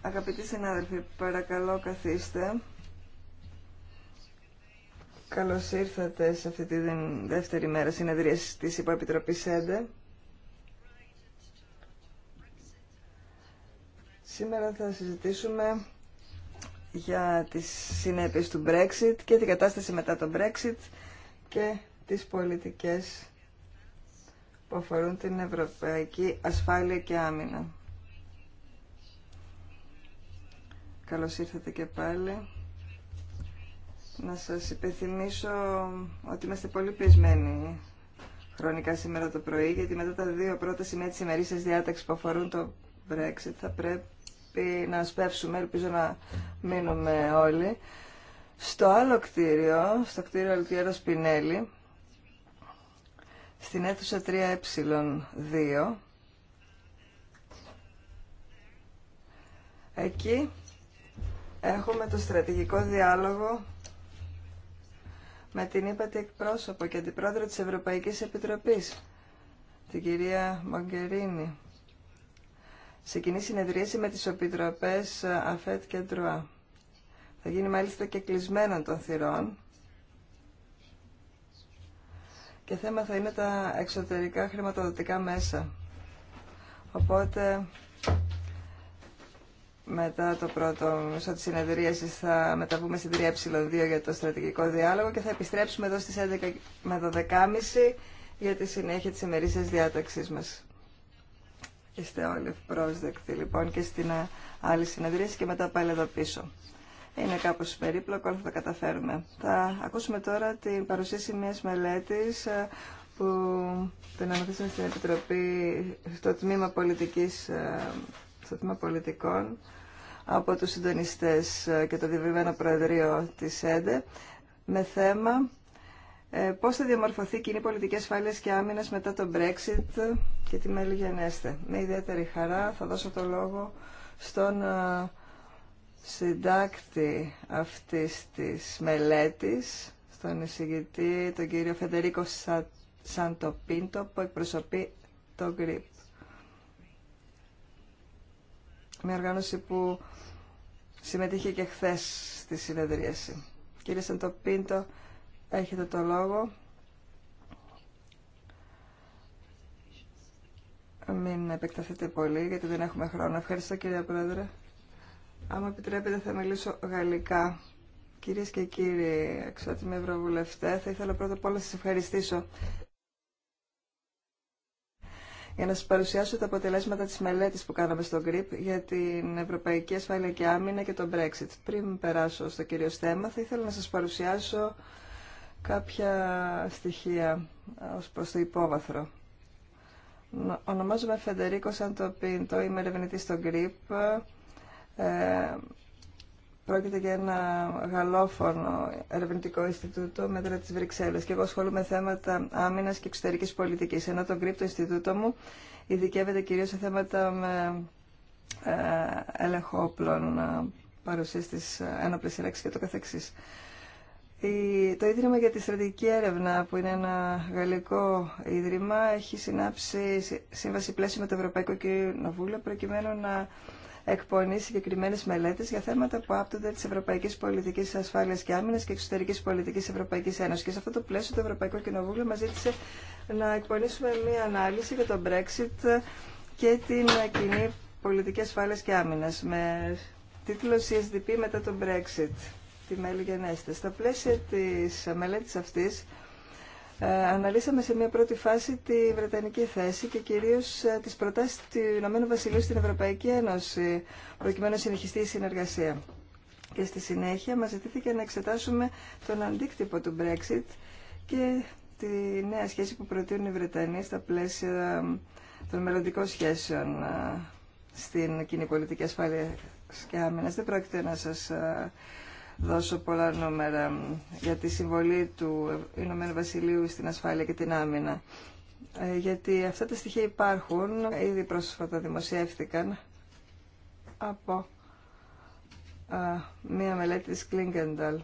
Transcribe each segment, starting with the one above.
Αγαπητοί συνάδελφοι, παρακαλώ καθίστε. Καλώ ήρθατε σε αυτή τη δεύτερη μέρα συνεδρία της Υποεπιτροπή ΕΝΤΕ. Σήμερα θα συζητήσουμε για τις συνέπειες του Brexit και την κατάσταση μετά το Brexit και τις πολιτικές που αφορούν την ευρωπαϊκή ασφάλεια και άμυνα. Καλώς ήρθατε και πάλι. Να σας υπενθυμίσω ότι είμαστε πολύ πεισμένοι χρονικά σήμερα το πρωί, γιατί μετά τα δύο πρώτα σημεία της ημερήσιας διάταξης που αφορούν το Brexit θα πρέπει να σπεύσουμε, ελπίζω να μείνουμε όλοι. Στο άλλο κτίριο, στο κτίριο Αλτιέρα Σπινέλη, στην αίθουσα 3Ε2, εκεί Έχουμε το στρατηγικό διάλογο με την ύπατη εκπρόσωπο και αντιπρόεδρο της Ευρωπαϊκής Επιτροπής, την κυρία Μογκερίνη. Σε κοινή συνεδρίαση με τις επιτροπές ΑΦΕΤ και ΤΡΟΑ. Θα γίνει μάλιστα και κλεισμένο των θυρών. Και θέμα θα είναι τα εξωτερικά χρηματοδοτικά μέσα. Οπότε μετά το πρώτο μισό της συνεδρίασης θα μεταβούμε στην 3ε2 για το στρατηγικό διάλογο και θα επιστρέψουμε εδώ στις 11 με 12.30 για τη συνέχεια της ημερήσιας διάταξής μας. Είστε όλοι ευπρόσδεκτοι λοιπόν και στην ε, άλλη συνεδρίαση και μετά πάλι εδώ πίσω. Είναι κάπως περίπλοκο, αλλά θα τα καταφέρουμε. Θα ακούσουμε τώρα την παρουσίαση μιας μελέτης ε, που την αναθέσαμε στην Επιτροπή στο Τμήμα Πολιτικής ε, στο Τμήμα Πολιτικών από τους συντονιστές ε, και το διευρυμένο Προεδρείο της ΕΝΤΕ με θέμα ε, πώς θα διαμορφωθεί κοινή πολιτική ασφάλεια και άμυνας μετά το Brexit και τη μέλη γενέστε. Με ιδιαίτερη χαρά θα δώσω το λόγο στον ε, συντάκτη αυτής της μελέτης, στον εισηγητή, τον κύριο Φεντερίκο Σαντοπίντο, που εκπροσωπεί το GRIP. μια οργάνωση που συμμετείχε και χθε στη συνεδρίαση. Κύριε Σαντοπίντο, έχετε το λόγο. Μην επεκταθείτε πολύ, γιατί δεν έχουμε χρόνο. Ευχαριστώ, κύριε Πρόεδρε. Άμα επιτρέπετε, θα μιλήσω γαλλικά. Κυρίες και κύριοι, εξότιμοι ευρωβουλευτέ, θα ήθελα πρώτα απ' όλα να σας ευχαριστήσω για να σας παρουσιάσω τα αποτελέσματα της μελέτης που κάναμε στο GRIP για την Ευρωπαϊκή Ασφάλεια και Άμυνα και τον Brexit. Πριν περάσω στο κυρίω θέμα, θα ήθελα να σας παρουσιάσω κάποια στοιχεία ως προ το υπόβαθρο. Ονομάζομαι Φεντερίκο Αντοπίντο, είμαι ερευνητή στο GRIP. Ε, Πρόκειται για ένα γαλλόφωνο ερευνητικό Ινστιτούτο μέτρα τη Βρυξέλλε και εγώ ασχολούμαι με θέματα άμυνα και εξωτερική πολιτική. Ενώ το κρύπτο το Ινστιτούτο μου ειδικεύεται κυρίω σε θέματα με ε, έλεγχο όπλων, ε, παρουσία τη ε, ένοπλη σύραξη και το καθεξή. Το Ίδρυμα για τη Στρατηγική Έρευνα, που είναι ένα γαλλικό ίδρυμα, έχει συνάψει σύμβαση πλαίσιο με το Ευρωπαϊκό Κοινοβούλιο προκειμένου να εκπονεί συγκεκριμένε μελέτε για θέματα που άπτονται τη Ευρωπαϊκή Πολιτική Ασφάλεια και Άμυνα και Εξωτερική Πολιτική Ευρωπαϊκή Ένωση. Και σε αυτό το πλαίσιο, το Ευρωπαϊκό Κοινοβούλιο μα ζήτησε να εκπονήσουμε μία ανάλυση για τον Brexit και την κοινή πολιτική ασφάλεια και άμυνα με τίτλο CSDP μετά τον Brexit, τη μέλη γενέστε. Στα πλαίσια τη μελέτη αυτή, ε, αναλύσαμε σε μια πρώτη φάση τη βρετανική θέση και κυρίως ε, τις προτάσεις του Ηνωμένου Βασιλείου στην Ευρωπαϊκή Ένωση, προκειμένου να συνεχιστεί η συνεργασία. Και στη συνέχεια μας ζητήθηκε να εξετάσουμε τον αντίκτυπο του Brexit και τη νέα σχέση που προτείνουν οι Βρετανοί στα πλαίσια των μελλοντικών σχέσεων ε, στην κοινή πολιτική ασφάλεια και άμυνας. Δεν πρόκειται να σας δώσω πολλά νούμερα για τη συμβολή του Ηνωμένου Βασιλείου στην ασφάλεια και την άμυνα. Ε, γιατί αυτά τα στοιχεία υπάρχουν, ήδη πρόσφατα δημοσιεύτηκαν από μία μελέτη της Κλίνκενταλ.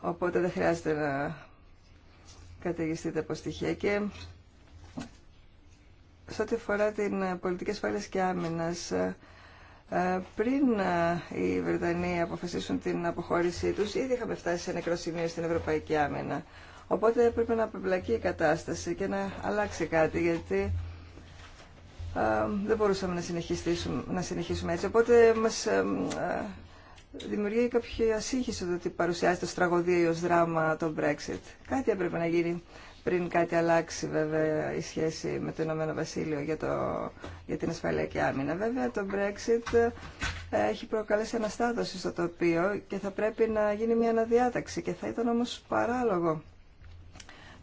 Οπότε δεν χρειάζεται να καταιγιστείτε από στοιχεία. Και σε ό,τι αφορά την πολιτική ασφάλεια και άμυνας, ε, πριν ε, οι Βρετανοί αποφασίσουν την αποχώρησή τους, ήδη είχαμε φτάσει σε νεκρό σημείο στην Ευρωπαϊκή Άμυνα. Οπότε έπρεπε να απεμπλακεί η κατάσταση και να αλλάξει κάτι, γιατί ε, δεν μπορούσαμε να συνεχίσουμε, να συνεχίσουμε έτσι. Οπότε μας δημιουργεί κάποια σύγχυση ότι παρουσιάζεται ως τραγωδία ή ως δράμα το Brexit. Κάτι έπρεπε να γίνει πριν κάτι αλλάξει βέβαια η σχέση με το Ηνωμένο Βασίλειο για, το, για την ασφαλεία και άμυνα. Βέβαια το Brexit ε, έχει προκαλέσει αναστάτωση στο τοπίο και θα πρέπει να γίνει μια αναδιάταξη και θα ήταν όμως παράλογο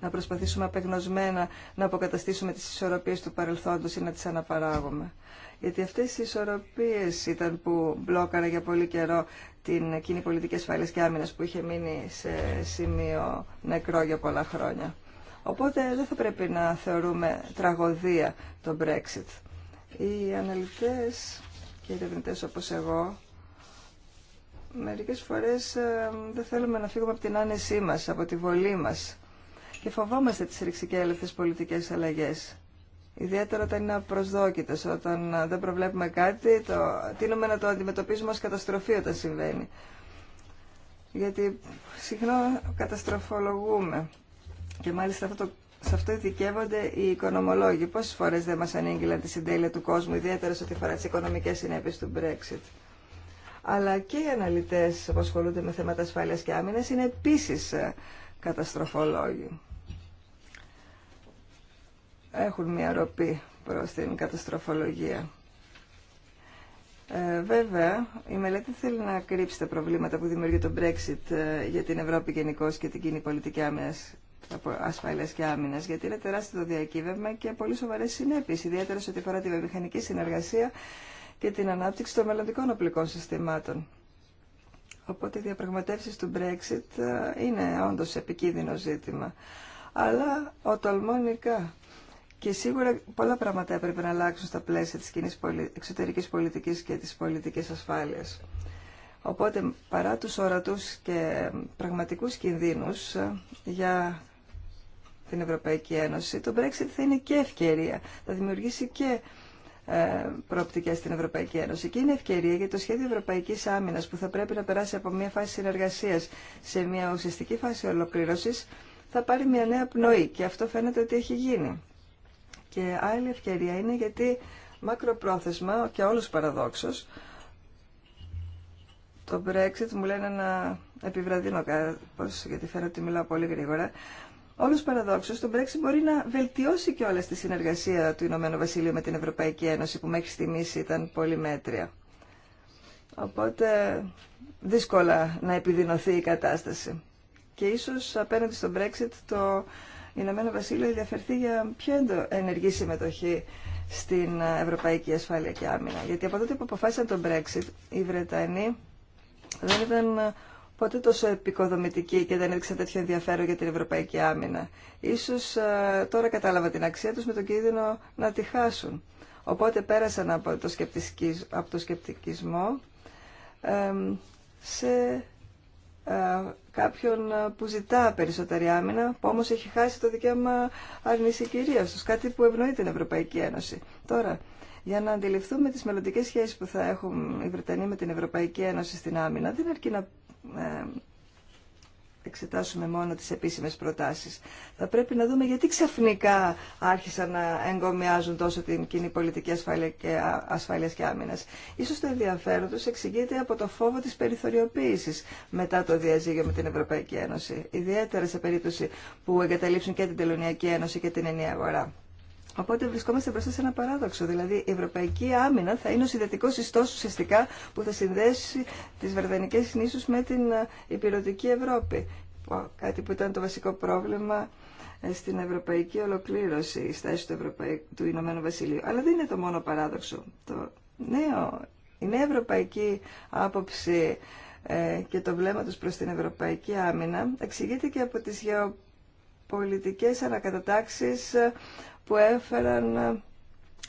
να προσπαθήσουμε απεγνωσμένα να αποκαταστήσουμε τις ισορροπίες του παρελθόντος ή να τις αναπαράγουμε. Γιατί αυτές οι ισορροπίες ήταν που μπλόκαρα για πολύ καιρό την κοινή πολιτική ασφάλεια και άμυνας που είχε μείνει σε σημείο νεκρό για πολλά χρόνια. Οπότε δεν θα πρέπει να θεωρούμε τραγωδία το Brexit. Οι αναλυτές και οι ερευνητέ όπως εγώ, μερικές φορές ε, δεν θέλουμε να φύγουμε από την άνεσή μας, από τη βολή μας και φοβόμαστε τις ρηξικέλευτες πολιτικές αλλαγές. Ιδιαίτερα όταν είναι απροσδόκητες, όταν ε, δεν προβλέπουμε κάτι, το, τίνουμε να το αντιμετωπίζουμε ως καταστροφή όταν συμβαίνει. Γιατί συχνά καταστροφολογούμε. Και μάλιστα αυτό σε αυτό ειδικεύονται οι οικονομολόγοι. Πόσε φορέ δεν μα ανήγγειλαν τη συντέλεια του κόσμου, ιδιαίτερα σε ό,τι φορά τι οικονομικέ συνέπειε του Brexit. Αλλά και οι αναλυτέ που ασχολούνται με θέματα ασφάλεια και άμυνα είναι επίση ε, καταστροφολόγοι. Έχουν μια ροπή προ την καταστροφολογία. Ε, βέβαια, η μελέτη θέλει να κρύψει τα προβλήματα που δημιουργεί το Brexit ε, για την Ευρώπη γενικώ και την κοινή πολιτική άμυνας από ασφάλεια και άμυνα, γιατί είναι τεράστιο το διακύβευμα και πολύ σοβαρέ συνέπειε, ιδιαίτερα σε ό,τι αφορά τη βιομηχανική συνεργασία και την ανάπτυξη των μελλοντικών οπλικών συστημάτων. Οπότε οι διαπραγματεύσει του Brexit ε, είναι όντω επικίνδυνο ζήτημα. Αλλά ο τολμονικά. Και σίγουρα πολλά πράγματα έπρεπε να αλλάξουν στα πλαίσια της κοινής εξωτερικής πολιτικής και της πολιτικής ασφάλειας. Οπότε παρά τους ορατούς και πραγματικούς κινδύνους ε, για την Ευρωπαϊκή Ένωση, το Brexit θα είναι και ευκαιρία. Θα δημιουργήσει και ε, προοπτικές στην Ευρωπαϊκή Ένωση. Και είναι ευκαιρία γιατί το σχέδιο Ευρωπαϊκής Άμυνα που θα πρέπει να περάσει από μια φάση συνεργασία σε μια ουσιαστική φάση ολοκλήρωσης θα πάρει μια νέα πνοή και αυτό φαίνεται ότι έχει γίνει. Και άλλη ευκαιρία είναι γιατί μακροπρόθεσμα και όλος παραδόξος το Brexit μου λένε να επιβραδύνω κάπως γιατί φαίνεται ότι μιλάω πολύ γρήγορα Όλο παραδόξω, το Brexit μπορεί να βελτιώσει και όλα στη συνεργασία του Ηνωμένου Βασιλείου με την Ευρωπαϊκή Ένωση, που μέχρι στιγμή ήταν πολύ μέτρια. Οπότε δύσκολα να επιδεινωθεί η κατάσταση. Και ίσως απέναντι στο Brexit το Ηνωμένο Βασίλειο ενδιαφερθεί για πιο ενεργή συμμετοχή στην Ευρωπαϊκή Ασφάλεια και Άμυνα. Γιατί από τότε που αποφάσισαν τον Brexit, οι Βρετανοί δεν ήταν ποτέ τόσο επικοδομητική και δεν έδειξαν τέτοιο ενδιαφέρον για την ευρωπαϊκή άμυνα. Ίσως ε, τώρα κατάλαβα την αξία τους με τον κίνδυνο να τη χάσουν. Οπότε πέρασαν από το, από το σκεπτικισμό σε ε, κάποιον που ζητά περισσότερη άμυνα, που όμως έχει χάσει το δικαίωμα αρνησή κυρίας τους, κάτι που ευνοεί την Ευρωπαϊκή Ένωση. Τώρα, για να αντιληφθούμε τις μελλοντικές σχέσεις που θα έχουν οι Βρετανοί με την Ευρωπαϊκή Ένωση στην άμυνα, δεν αρκεί να ε, εξετάσουμε μόνο τις επίσημες προτάσεις. Θα πρέπει να δούμε γιατί ξαφνικά άρχισαν να εγκομιάζουν τόσο την κοινή πολιτική ασφάλεια και, ασφάλειας και άμυνας. Ίσως το ενδιαφέρον τους εξηγείται από το φόβο της περιθωριοποίησης μετά το διαζύγιο με την Ευρωπαϊκή Ένωση. Ιδιαίτερα σε περίπτωση που εγκαταλείψουν και την Τελωνιακή Ένωση και την Ενία Αγορά. Οπότε βρισκόμαστε μπροστά σε ένα παράδοξο. Δηλαδή η Ευρωπαϊκή Άμυνα θα είναι ο συνδετικό ιστό ουσιαστικά που θα συνδέσει τι Βαρδανικέ νήσου με την ε, υπηρετική Ευρώπη. Κάτι που ήταν το βασικό πρόβλημα ε, στην ευρωπαϊκή ολοκλήρωση, η στάση του, Ευρωπαϊ... του Ηνωμένου Βασιλείου. Αλλά δεν είναι το μόνο παράδοξο. Το νέο, η νέα ευρωπαϊκή άποψη ε, και το βλέμμα τους προς την ευρωπαϊκή άμυνα εξηγείται και από τι γεωπολιτικέ ανακατατάξει. Ε, που έφεραν ε,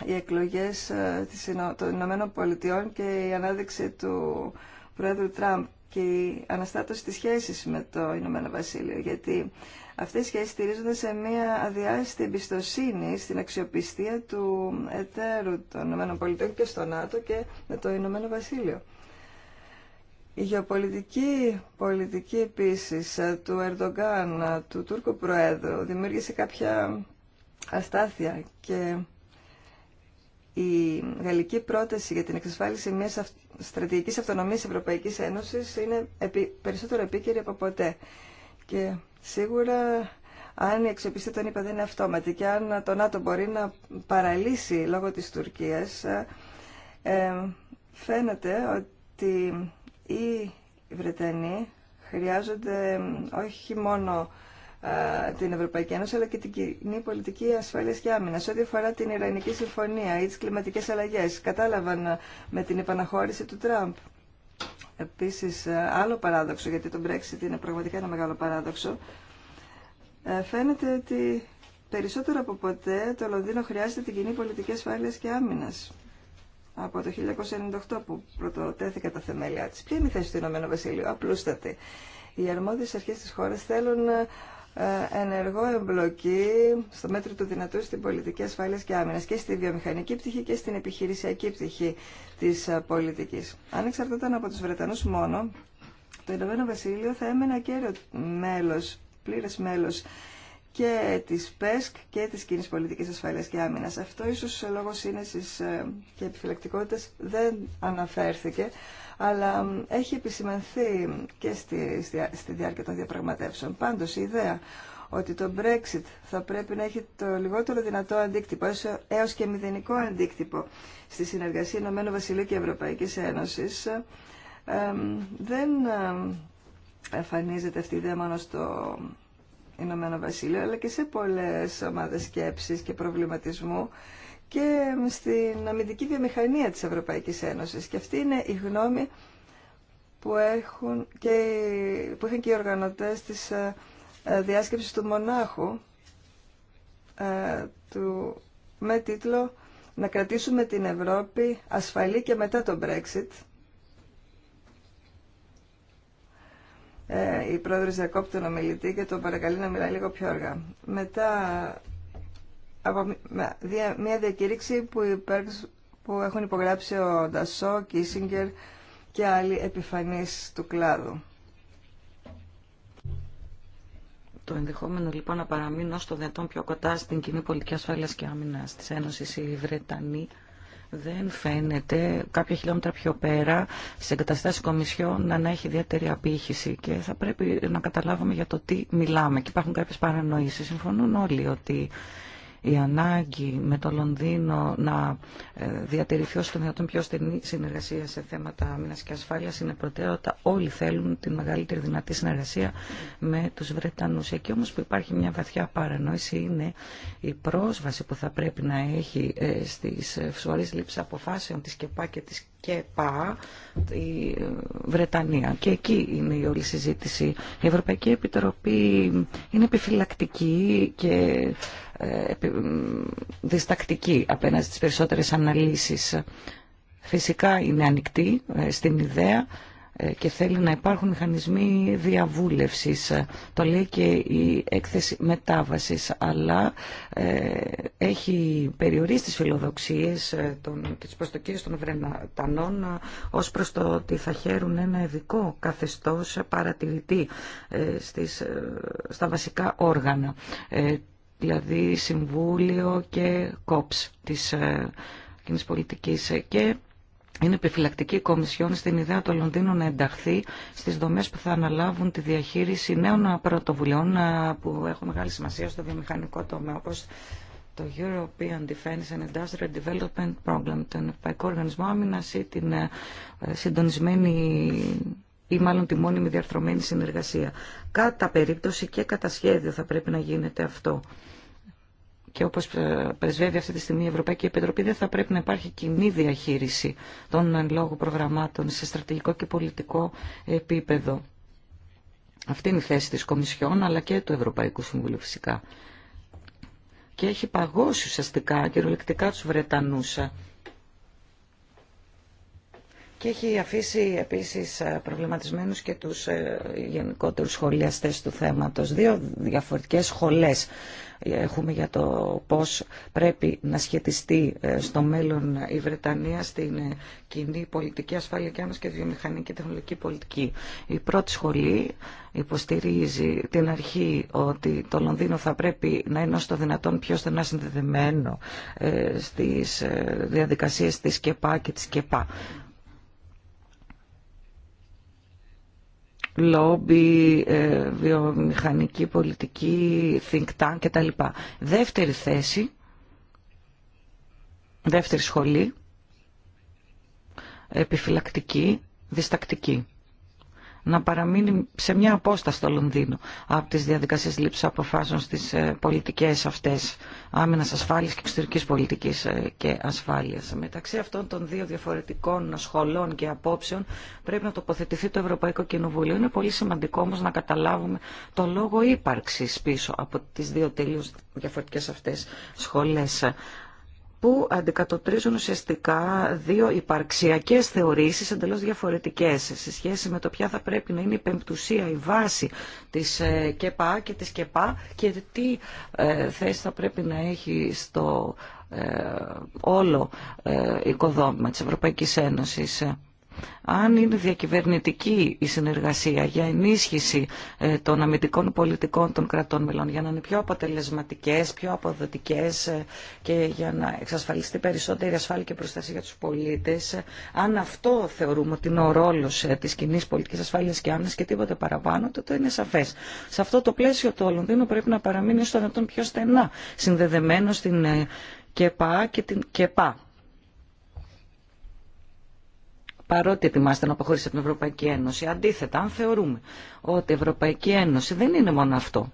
οι εκλογές ε, των Ηνωμένων Πολιτειών και η ανάδειξη του Πρόεδρου Τραμπ και η αναστάτωση της σχέσης με το Ηνωμένο Βασίλειο, γιατί αυτές οι σχέσεις στηρίζονται σε μια αδιάστη εμπιστοσύνη στην αξιοπιστία του εταίρου των Ηνωμένων Πολιτειών και στο ΝΑΤΟ και με το Ηνωμένο Βασίλειο. Η γεωπολιτική πολιτική επίσης ε, του Ερντογκάν, του Τούρκου Προέδρου, δημιούργησε κάποια αστάθεια και η γαλλική πρόταση για την εξασφάλιση μιας στρατηγικής αυτονομίας Ευρωπαϊκής Ένωσης είναι περισσότερο επίκαιρη από ποτέ. Και σίγουρα αν η αξιοπιστία των είπα είναι αυτόματη και αν το ΝΑΤΟ μπορεί να παραλύσει λόγω της Τουρκίας, ε, ε, φαίνεται ότι οι Βρετανοί χρειάζονται ε, όχι μόνο ε, την Ευρωπαϊκή Ένωση αλλά και την κοινή πολιτική ασφάλεια και άμυνα. Σε ό,τι αφορά την Ιρανική Συμφωνία ή τι κλιματικέ αλλαγέ, κατάλαβαν ε, με την επαναχώρηση του Τραμπ. Επίση, ε, άλλο παράδοξο, γιατί το Brexit είναι πραγματικά ένα μεγάλο παράδοξο, φαίνεται ότι περισσότερο από ποτέ το Λονδίνο χρειάζεται την κοινή πολιτική ασφάλεια και άμυνα. Από το 1998 που πρωτοτέθηκα τα θεμέλια τη. Ποια είναι η θέση του Ηνωμένου Βασιλείου, απλούστατη. Οι αρμόδιε αρχέ τη χώρα θέλουν ε, ενεργό εμπλοκή στο μέτρο του δυνατού στην πολιτική ασφάλεια και άμυνα και στη βιομηχανική πτυχή και στην επιχειρησιακή πτυχή τη ε, πολιτική. Αν εξαρτάταν από του Βρετανού μόνο, το Ηνωμένο Βασίλειο θα έμενε ακέραιο μέλο, πλήρε μέλο και τη ΠΕΣΚ και τη κοινή πολιτική ασφάλεια και άμυνα. Αυτό ίσω λόγω σύνεση ε, και επιφυλακτικότητα δεν αναφέρθηκε, αλλά έχει επισημανθεί και στη, στη, διάρκεια των διαπραγματεύσεων. Πάντως η ιδέα ότι το Brexit θα πρέπει να έχει το λιγότερο δυνατό αντίκτυπο, έως και μηδενικό αντίκτυπο στη συνεργασία Ηνωμένου Βασιλείου και Ευρωπαϊκής Ένωσης, ε, δεν ε, εμφανίζεται αυτή η ιδέα μόνο στο Ηνωμένο Βασίλειο, αλλά και σε πολλές ομάδες σκέψης και προβληματισμού και στην αμυντική βιομηχανία της Ευρωπαϊκής Ένωσης. Και αυτή είναι η γνώμη που, έχουν και, που είχαν και οι οργανωτές της ε, ε, διάσκεψης του Μονάχου ε, του, με τίτλο «Να κρατήσουμε την Ευρώπη ασφαλή και μετά το Brexit». η πρόεδρος διακόπτει τον ομιλητή και τον παρακαλεί να μιλάει λίγο πιο αργά. Μετά από μια διακήρυξη που, που έχουν υπογράψει ο Ντασό, Κίσιγκερ και άλλοι επιφανείς του κλάδου. Το ενδεχόμενο λοιπόν να παραμείνω στο δυνατόν πιο κοντά στην κοινή πολιτική ασφάλεια και άμυνα τη Ένωση οι Βρετανοί δεν φαίνεται κάποια χιλιόμετρα πιο πέρα στι εγκαταστάσει να, να έχει ιδιαίτερη απήχηση και θα πρέπει να καταλάβουμε για το τι μιλάμε. Και υπάρχουν κάποιε παρανοήσει. Συμφωνούν όλοι ότι η ανάγκη με το Λονδίνο να ε, διατηρηθεί όσο το δυνατόν πιο στενή συνεργασία σε θέματα άμυνα και ασφάλεια είναι προτεραιότητα. Όλοι θέλουν τη μεγαλύτερη δυνατή συνεργασία με τους Βρετανούς. Εκεί όμως που υπάρχει μια βαθιά παρανόηση είναι η πρόσβαση που θα πρέπει να έχει ε, στις ε, σωρές λήψη αποφάσεων τη ΚΕΠΑ και τη ΚΕΠΑ η Βρετανία. Και εκεί είναι η όλη συζήτηση. Η Ευρωπαϊκή Επιτροπή είναι επιφυλακτική και διστακτική απέναντι στις περισσότερες αναλύσεις. Φυσικά είναι ανοιχτή ε, στην ιδέα ε, και θέλει να υπάρχουν μηχανισμοί διαβούλευσης. Το λέει και η έκθεση μετάβασης, αλλά ε, έχει περιορίσει τις φιλοδοξίες των, και τις προστοκίες των Βρετανών ως προς το ότι θα χαίρουν ένα ειδικό καθεστώς παρατηρητή στις, στα βασικά όργανα δηλαδή Συμβούλιο και κόψ της ε, κοινή πολιτικής και είναι επιφυλακτική η Κομισιόν στην ιδέα του Λονδίνου να ενταχθεί στις δομές που θα αναλάβουν τη διαχείριση νέων πρωτοβουλειών ε, που έχουν μεγάλη σημασία στο βιομηχανικό τομέα, όπως το European Defense and Industrial Development Program, τον Ευρωπαϊκό Οργανισμό Άμυνας ή την ε, συντονισμένη ή μάλλον τη μόνιμη διαρθρωμένη συνεργασία. Κατά περίπτωση και κατά σχέδιο θα πρέπει να γίνεται αυτό και όπως ε, πρεσβεύει αυτή τη στιγμή η Ευρωπαϊκή Επιτροπή δεν θα πρέπει να υπάρχει κοινή διαχείριση των εν λόγω προγραμμάτων σε στρατηγικό και πολιτικό επίπεδο. Αυτή είναι η θέση της Κομισιόν αλλά και του Ευρωπαϊκού Συμβουλίου φυσικά. Και έχει παγώσει ουσιαστικά κυριολεκτικά τους Βρετανούς και έχει αφήσει επίσης ε, προβληματισμένους και τους ε, γενικότερους σχολιαστές του θέματος. Δύο διαφορετικές σχολές ε, έχουμε για το πώς πρέπει να σχετιστεί στο μέλλον η Βρετανία στην κοινή πολιτική ασφάλεια και άμεση και βιομηχανική τεχνολογική πολιτική. Η πρώτη σχολή υποστηρίζει την αρχή ότι το Λονδίνο θα πρέπει να είναι το δυνατόν πιο στενά συνδεδεμένο στις διαδικασίες της ΚΕΠΑ και της ΚΕΠΑ. λόμπι, ε, βιομηχανική πολιτική, think tank κτλ. Δεύτερη θέση, δεύτερη σχολή, επιφυλακτική, διστακτική να παραμείνει σε μια απόσταση στο Λονδίνο από τις διαδικασίες λήψης αποφάσεων στις ε, πολιτικές αυτές άμενας ασφάλειας και εξωτερικής πολιτικής ε, και ασφάλειας. Μεταξύ αυτών των δύο διαφορετικών σχολών και απόψεων πρέπει να τοποθετηθεί το Ευρωπαϊκό Κοινοβούλιο. Είναι πολύ σημαντικό όμως να καταλάβουμε το λόγο ύπαρξης πίσω από τις δύο τελείως διαφορετικές αυτές σχολές που αντικατοπτρίζουν ουσιαστικά δύο υπαρξιακές θεωρήσεις εντελώς διαφορετικές σε σχέση με το ποια θα πρέπει να είναι η πεμπτουσία, η βάση της ε, ΚΕΠΑ και της ΚΕΠΑ και τι ε, θέση θα πρέπει να έχει στο ε, όλο οικοδόμημα της Ευρωπαϊκής Ένωσης. Αν είναι διακυβερνητική η συνεργασία για ενίσχυση ε, των αμυντικών πολιτικών των κρατών μελών, για να είναι πιο αποτελεσματικές, πιο αποδοτικές ε, και για να εξασφαλιστεί περισσότερη ασφάλεια και προστασία για τους πολίτες, ε, αν αυτό θεωρούμε ότι είναι ο ρόλος της κοινή πολιτικής ασφάλειας και άμυνας και τίποτε παραπάνω, τότε είναι σαφές. Σε αυτό το πλαίσιο το Λονδίνο πρέπει να παραμείνει στο δυνατόν πιο στενά συνδεδεμένο στην ΚΕΠΑ και την ΚΕΠΑ παρότι ετοιμάστε να αποχωρήσετε από την Ευρωπαϊκή Ένωση. Αντίθετα, αν θεωρούμε ότι η Ευρωπαϊκή Ένωση δεν είναι μόνο αυτό,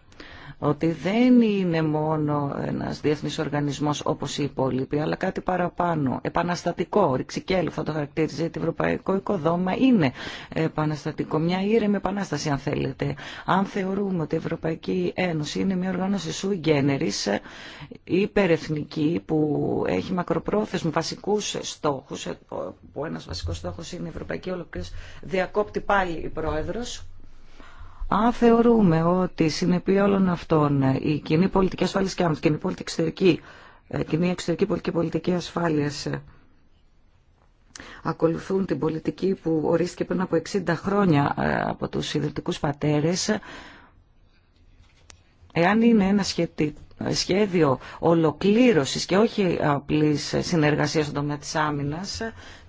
ότι δεν είναι μόνο ένας διεθνής οργανισμός όπως οι υπόλοιποι, αλλά κάτι παραπάνω, επαναστατικό, ρηξικέλου θα το χαρακτήριζε, το ευρωπαϊκό οικοδόμα είναι επαναστατικό, μια ήρεμη επανάσταση αν θέλετε. Αν θεωρούμε ότι η Ευρωπαϊκή Ένωση είναι μια οργάνωση σου γένερης, υπερεθνική, που έχει μακροπρόθεσμους, βασικούς στόχους, που ε, ένας βασικός στόχος είναι η Ευρωπαϊκή Όλοκληρία, διακόπτει πάλι η Πρόεδρος. Αν θεωρούμε ότι συνεπεί όλων αυτών η κοινή πολιτική ασφάλεια και άμυνα, κοινή πολιτική εξωτερική, ε, κοινή εξωτερική πολιτική, πολιτική ασφάλεια ε, ακολουθούν την πολιτική που ορίστηκε πριν από 60 χρόνια ε, από τους ιδρυτικούς πατέρες, εάν είναι ένα σχετικό σχέδιο ολοκλήρωσης και όχι απλής συνεργασίας στον τομέα της άμυνας,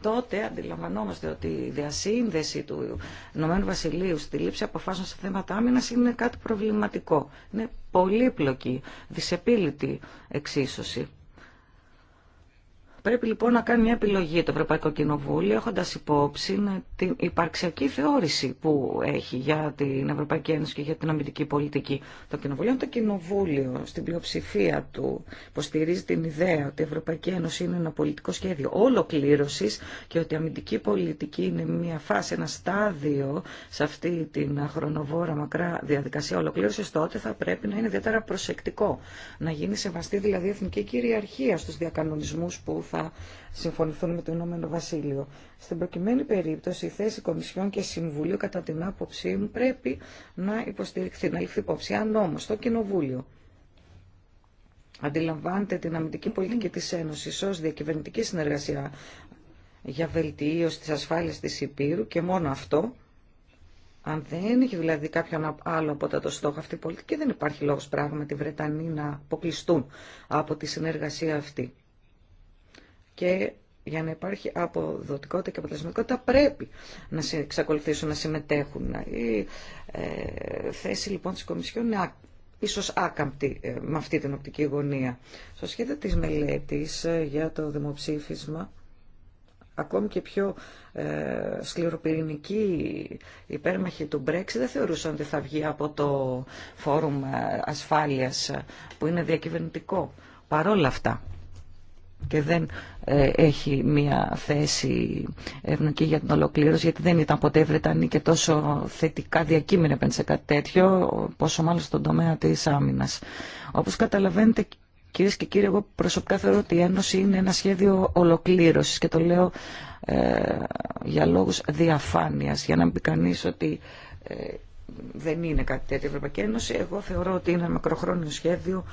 τότε αντιλαμβανόμαστε ότι η διασύνδεση του Ηνωμένου Βασιλείου στη λήψη αποφάσεων σε θέματα άμυνας είναι κάτι προβληματικό. Είναι πολύπλοκη, δυσεπίλητη εξίσωση. Πρέπει λοιπόν να κάνει μια επιλογή το Ευρωπαϊκό Κοινοβούλιο έχοντας υπόψη την υπαρξιακή θεώρηση που έχει για την Ευρωπαϊκή Ένωση και για την αμυντική πολιτική. Το Κοινοβούλιο, το Κοινοβούλιο στην πλειοψηφία του υποστηρίζει την ιδέα ότι η Ευρωπαϊκή Ένωση είναι ένα πολιτικό σχέδιο ολοκλήρωση και ότι η αμυντική πολιτική είναι μια φάση, ένα στάδιο σε αυτή την χρονοβόρα μακρά διαδικασία ολοκλήρωση, τότε θα πρέπει να είναι ιδιαίτερα προσεκτικό. Να γίνει σεβαστή δηλαδή εθνική κυριαρχία στου διακανονισμού που θα συμφωνηθούν με το Ηνωμένο Βασίλειο. Στην προκειμένη περίπτωση, η θέση Κομισιόν και Συμβουλίου, κατά την άποψή μου, πρέπει να υποστηριχθεί, να ληφθεί υπόψη. Αν όμω το Κοινοβούλιο αντιλαμβάνεται την αμυντική πολιτική τη Ένωση ω διακυβερνητική συνεργασία για βελτίωση τη ασφάλεια τη Υπήρου και μόνο αυτό, αν δεν έχει δηλαδή κάποιον άλλο από τα το στόχο αυτή η πολιτική, δεν υπάρχει λόγος πράγματι οι Βρετανοί να αποκλειστούν από τη συνεργασία αυτή και για να υπάρχει αποδοτικότητα και αποτελεσματικότητα πρέπει να εξακολουθήσουν να συμμετέχουν. Η ε, θέση λοιπόν της Κομισιόν είναι ίσως άκαμπτη ε, με αυτή την οπτική γωνία. Στο σχέδιο της μελέτης ε, για το δημοψήφισμα, ακόμη και πιο ε, σκληροπυρηνικοί του Brexit δεν θεωρούσαν ότι θα βγει από το Φόρουμ Ασφάλειας που είναι διακυβερνητικό. Παρόλα αυτά, και δεν ε, έχει μία θέση ευνοϊκή για την ολοκλήρωση, γιατί δεν ήταν ποτέ Βρετανοί Βρετανή και τόσο θετικά διακείμενη απέναντι σε κάτι τέτοιο, πόσο μάλλον στον τομέα της άμυνας. Όπως καταλαβαίνετε, κυρίες και κύριοι, εγώ προσωπικά θεωρώ ότι η Ένωση είναι ένα σχέδιο ολοκλήρωσης και το λέω ε, για λόγους διαφάνειας, για να μην πει ότι... Ε, δεν είναι κάτι τέτοιο η Ευρωπαϊκή Ένωση. Εγώ θεωρώ ότι είναι ένα μακροχρόνιο σχέδιο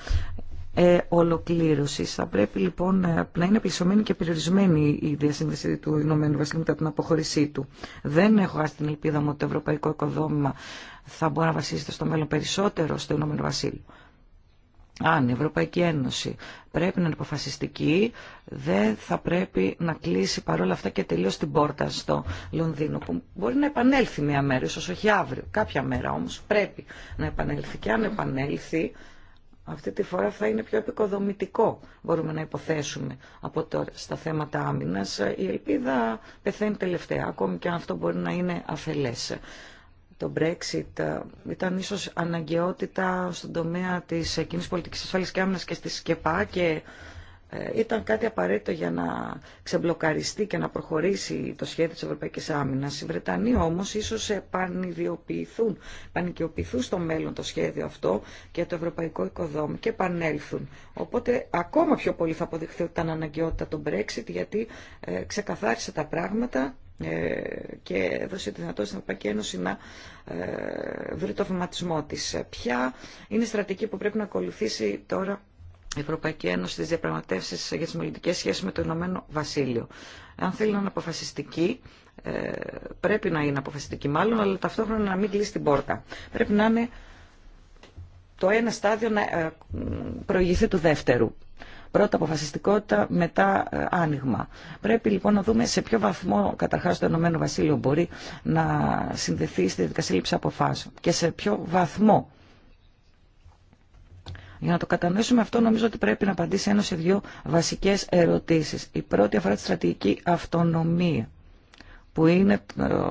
ε, ολοκλήρωσης. Θα πρέπει λοιπόν ε, να είναι πλησωμένη και περιορισμένη η διασύνδεση του Ηνωμένου Βασιλείου μετά την αποχωρησή του. Δεν έχω χάσει την ελπίδα μου ότι το ευρωπαϊκό οικοδόμημα θα μπορεί να βασίζεται στο μέλλον περισσότερο στο Ηνωμένο Βασίλειο. Αν η Ευρωπαϊκή Ένωση πρέπει να είναι αποφασιστική, δεν θα πρέπει να κλείσει παρόλα αυτά και τελείω την πόρτα στο Λονδίνο, που μπορεί να επανέλθει μια μέρα, ίσω όχι αύριο. Κάποια μέρα όμω πρέπει να επανέλθει. Και αν επανέλθει, αυτή τη φορά θα είναι πιο επικοδομητικό, μπορούμε να υποθέσουμε, από τώρα στα θέματα άμυνας. Η ελπίδα πεθαίνει τελευταία, ακόμη και αν αυτό μπορεί να είναι αφελές. Το Brexit ε, ήταν ίσως αναγκαιότητα στον τομέα της ε, κοινής πολιτικής ασφάλειας και άμυνας και στη ΣΚΕΠΑ και ε, ήταν κάτι απαραίτητο για να ξεμπλοκαριστεί και να προχωρήσει το σχέδιο της Ευρωπαϊκής Άμυνας. Οι Βρετανοί όμως ίσως επανειδιοποιηθούν επανικιοποιηθούν στο μέλλον το σχέδιο αυτό και το ευρωπαϊκό οικοδόμημα και επανέλθουν. Οπότε ακόμα πιο πολύ θα αποδειχθεί ότι ήταν αναγκαιότητα το Brexit γιατί ε, ξεκαθάρισε τα πράγματα ε, και έδωσε τη δυνατότητα στην Ευρωπαϊκή Ένωση να ε, βρει το βηματισμό της. Ποια είναι η στρατηγική που πρέπει να ακολουθήσει τώρα η Ευρωπαϊκή Ένωση στις διαπραγματεύσεις για τις μελλοντικές σχέσεις με το Ηνωμένο Βασίλειο. Αν θέλει να είναι αποφασιστική, ε, πρέπει να είναι αποφασιστική μάλλον, αλλά ταυτόχρονα να μην κλείσει την πόρτα. Πρέπει να είναι το ένα στάδιο να ε, προηγηθεί του δεύτερου. Πρώτα αποφασιστικότητα, μετά ε, άνοιγμα. Πρέπει λοιπόν να δούμε σε ποιο βαθμό καταρχά το Ηνωμένο Βασίλειο μπορεί να συνδεθεί στη διαδικασία λήψη αποφάσεων και σε ποιο βαθμό για να το κατανοήσουμε αυτό νομίζω ότι πρέπει να απαντήσει ένα σε δύο βασικές ερωτήσεις. Η πρώτη αφορά τη στρατηγική αυτονομία που είναι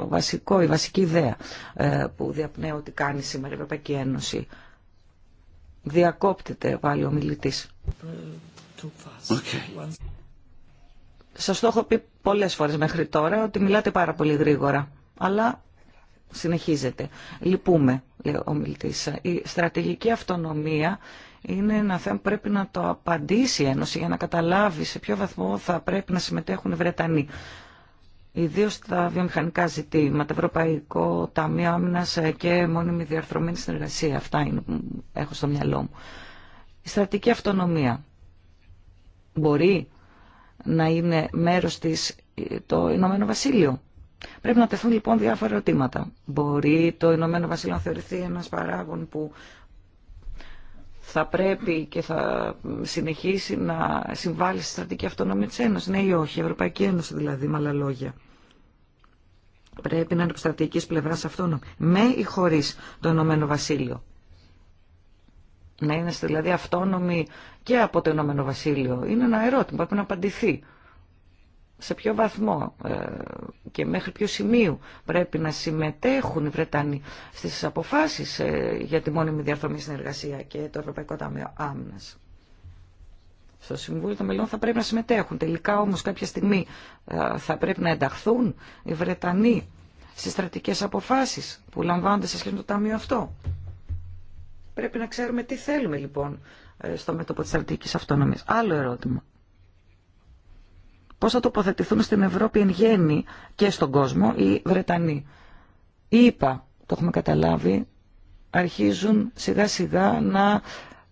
βασικό, η βασική ιδέα ε, που διαπνέει ότι κάνει σήμερα η Ευρωπαϊκή Ένωση. Διακόπτεται πάλι ο μιλητή. Okay. Σας το έχω πει πολλές φορές μέχρι τώρα ότι μιλάτε πάρα πολύ γρήγορα, αλλά συνεχίζετε. Λυπούμε, λέει ο μιλητή. Η στρατηγική αυτονομία είναι ένα θέμα που πρέπει να το απαντήσει η Ένωση για να καταλάβει σε ποιο βαθμό θα πρέπει να συμμετέχουν οι Βρετανοί. Ιδίω τα βιομηχανικά ζητήματα, Ευρωπαϊκό Ταμείο Άμυνα και μόνιμη διαρθρωμένη συνεργασία. Αυτά είναι έχω στο μυαλό μου. Η στρατική αυτονομία μπορεί να είναι μέρο τη το Ηνωμένο Βασίλειο. Πρέπει να τεθούν λοιπόν διάφορα ερωτήματα. Μπορεί το Ηνωμένο Βασίλειο να θεωρηθεί ένα παράγων που θα πρέπει και θα συνεχίσει να συμβάλλει στη στρατική αυτονομία της Ένωσης. Ναι ή όχι, η Ευρωπαϊκή Ένωση δηλαδή, με άλλα λόγια. Πρέπει να είναι από στρατηγική πλευρά αυτόνομη. Με ή χωρί το Ηνωμένο Βασίλειο. Να είναι δηλαδή αυτόνομη και από το Ηνωμένο Βασίλειο. Είναι ένα ερώτημα που πρέπει να απαντηθεί σε ποιο βαθμό ε, και μέχρι ποιο σημείο πρέπει να συμμετέχουν οι Βρετανοί στις αποφάσεις ε, για τη μόνιμη διαρθρωμή συνεργασία και το Ευρωπαϊκό Ταμείο Άμυνας. Στο Συμβούλιο των Μελών θα πρέπει να συμμετέχουν. Τελικά όμως κάποια στιγμή ε, θα πρέπει να ενταχθούν οι Βρετανοί στις στρατικές αποφάσεις που λαμβάνονται σε σχέση με το Ταμείο αυτό. Πρέπει να ξέρουμε τι θέλουμε λοιπόν στο μέτωπο της στρατηγικής αυτονομίας. Άλλο ερώτημα πώς θα τοποθετηθούν στην Ευρώπη εν γέννη και στον κόσμο οι Βρετανοί. Οι το έχουμε καταλάβει, αρχίζουν σιγά σιγά να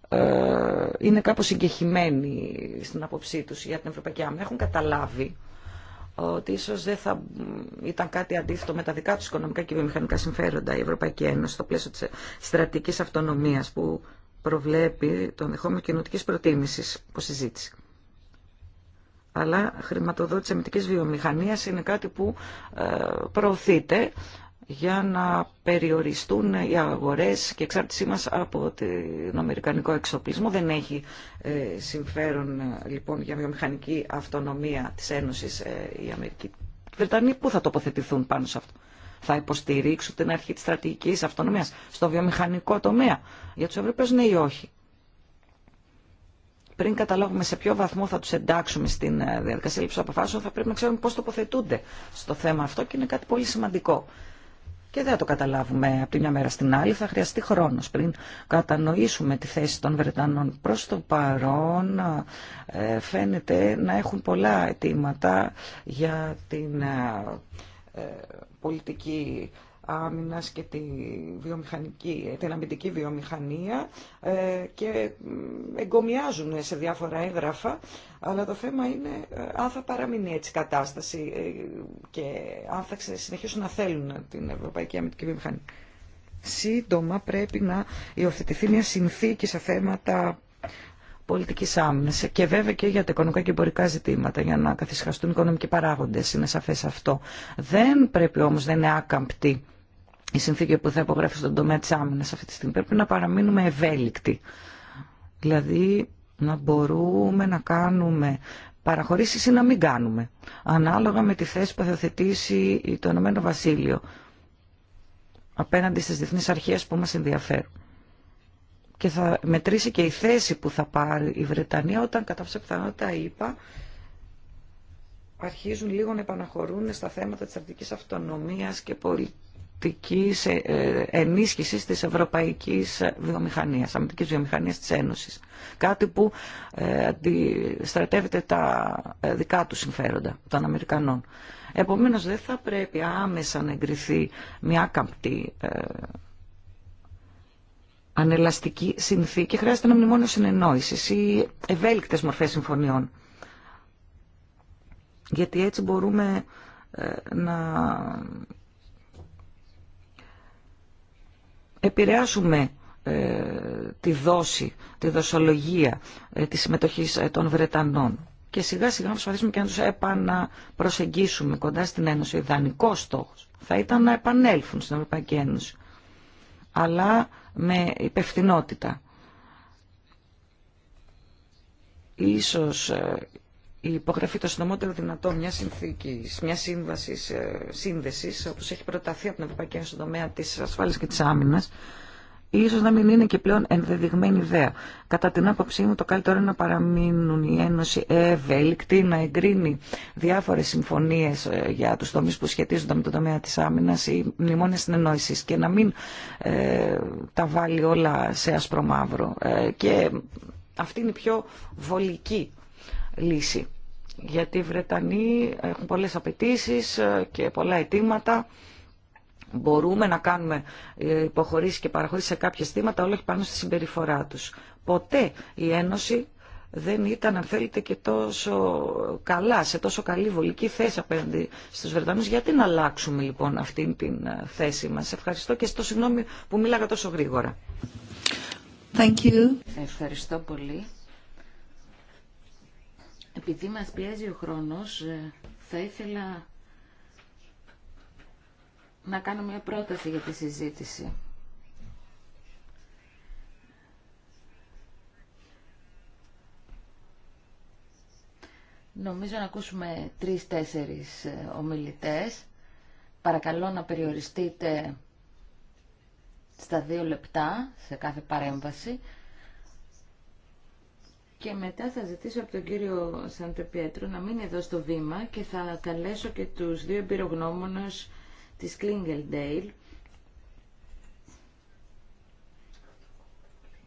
ε, είναι κάπως συγκεχημένοι στην απόψή τους για την Ευρωπαϊκή Άμυνα. Έχουν καταλάβει ότι ίσως δεν θα ήταν κάτι αντίθετο με τα δικά τους οικονομικά και βιομηχανικά συμφέροντα η Ευρωπαϊκή Ένωση στο πλαίσιο της στρατηγικής αυτονομίας που προβλέπει τον δεχόμενο κοινωτική προτίμηση που συζήτησε αλλά χρηματοδότηση αμυντικής βιομηχανίας είναι κάτι που ε, προωθείται για να περιοριστούν οι αγορές και εξάρτησή μας από τον αμερικανικό εξοπλισμό. Δεν έχει ε, συμφέρον ε, λοιπόν για βιομηχανική αυτονομία της Ένωσης η Αμερική. Οι Βρετανοί πού θα τοποθετηθούν πάνω σε αυτό. Θα υποστηρίξουν την αρχή της στρατηγικής αυτονομίας στο βιομηχανικό τομέα. Για τους Ευρωπαίους ναι ή όχι πριν καταλάβουμε σε ποιο βαθμό θα του εντάξουμε στην ε, διαδικασία λήψη αποφάσεων, θα πρέπει να ξέρουμε πώ τοποθετούνται στο θέμα αυτό και είναι κάτι πολύ σημαντικό. Και δεν θα το καταλάβουμε από τη μια μέρα στην άλλη, θα χρειαστεί χρόνο πριν κατανοήσουμε τη θέση των Βρετανών. Προ το παρόν ε, φαίνεται να έχουν πολλά αιτήματα για την ε, πολιτική άμυνας και τη, βιομηχανική, την αμυντική βιομηχανία ε, και εγκομιάζουν σε διάφορα έγγραφα, αλλά το θέμα είναι ε, αν θα παραμείνει έτσι η κατάσταση ε, και αν θα συνεχίσουν να θέλουν την Ευρωπαϊκή Αμυντική Βιομηχανία. Σύντομα πρέπει να υιοθετηθεί μια συνθήκη σε θέματα πολιτική άμυνα και βέβαια και για τα οικονομικά και εμπορικά ζητήματα, για να καθισχαστούν οικονομικοί παράγοντε. Είναι σαφέ αυτό. Δεν πρέπει όμω να είναι άκαμπτη η συνθήκη που θα υπογράφει στον τομέα τη Άμυνα αυτή τη στιγμή. Πρέπει να παραμείνουμε ευέλικτοι. Δηλαδή να μπορούμε να κάνουμε παραχωρήσει ή να μην κάνουμε. Ανάλογα με τη θέση που θα θετήσει το Ηνωμένο Βασίλειο απέναντι στι διεθνεί αρχέ που μα ενδιαφέρουν. Και θα μετρήσει και η θέση που θα πάρει η Βρετανία όταν κατά πάσα πιθανότητα είπα αρχίζουν λίγο να επαναχωρούν στα θέματα της στρατηγικής αυτονομίας και πολιτικής αμυντικής ε, ε, ενίσχυσης της ευρωπαϊκής βιομηχανίας, αμυντικής βιομηχανίας της Ένωσης. Κάτι που ε, αντιστρατεύεται τα δικά του συμφέροντα των Αμερικανών. Επομένως δεν θα πρέπει άμεσα να εγκριθεί μια καμπτή ανελαστική συνθήκη. Χρειάζεται ένα μόνο συνεννόηση, ή ευέλικτες μορφές συμφωνιών. Γιατί έτσι μπορούμε να επηρεάσουμε ε, τη δόση, τη δοσολογία ε, της συμμετοχής ε, των Βρετανών. Και σιγά σιγά να προσπαθήσουμε και να τους επαναπροσεγγίσουμε κοντά στην Ένωση. Ο ιδανικός στόχος θα ήταν να επανέλθουν στην Ευρωπαϊκή Ένωση. Αλλά με υπευθυνότητα. Ίσως η υπογραφή το συντομότερο δυνατό μια συνθήκη, μια σύμβαση ε, σύνδεση, όπω έχει προταθεί από την Ευρωπαϊκή Ένωση στον τομέα τη ασφάλεια και τη άμυνα, ίσω να μην είναι και πλέον ενδεδειγμένη ιδέα. Κατά την άποψή μου, το καλύτερο είναι να παραμείνουν η Ένωση ευέλικτη, να εγκρίνει διάφορε συμφωνίε ε, για του τομεί που σχετίζονται με τον τομέα τη άμυνα ή μνημόνια συνεννόηση και να μην ε, τα βάλει όλα σε άσπρο μαύρο. Ε, και αυτή είναι η πιο βολική λύση γιατί οι Βρετανοί έχουν πολλές απαιτήσει ε, και πολλά αιτήματα. Μπορούμε να κάνουμε ε, υποχωρήσεις και παραχωρήσεις σε κάποια αιτήματα, όλα έχει πάνω στη συμπεριφορά τους. Ποτέ η Ένωση δεν ήταν, αν θέλετε, και τόσο καλά, σε τόσο καλή βολική θέση απέναντι στους Βρετανούς. Γιατί να αλλάξουμε λοιπόν αυτήν την ε, θέση μας. Ευχαριστώ και στο συγγνώμη που μίλαγα τόσο γρήγορα. Ευχαριστώ πολύ. Επειδή μας πιέζει ο χρόνος, ε, θα ήθελα να κάνω μια πρόταση για τη συζήτηση. Νομίζω να ακούσουμε τρεις-τέσσερις ε, ομιλητές. Παρακαλώ να περιοριστείτε στα δύο λεπτά σε κάθε παρέμβαση και μετά θα ζητήσω από τον κύριο Σαντεπιέτρου να μείνει εδώ στο βήμα και θα καλέσω και τους δύο εμπειρογνώμονες της Κλίνγκελντέιλ,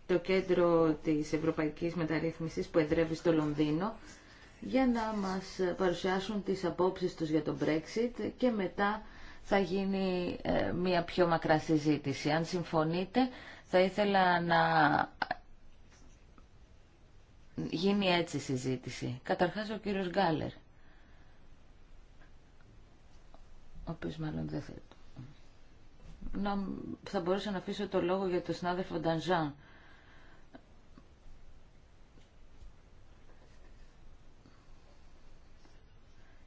το κέντρο της Ευρωπαϊκής Μεταρρύθμισης που εδρεύει στο Λονδίνο, για να μας παρουσιάσουν τις απόψεις τους για το Brexit και μετά θα γίνει ε, μια πιο μακρά συζήτηση. Αν συμφωνείτε, θα ήθελα να γίνει έτσι η συζήτηση. Καταρχάς ο κύριος Γκάλερ, ο οποίος μάλλον δεν θέλει. Να, θα μπορούσα να αφήσω το λόγο για τον συνάδελφο Ντανζάν.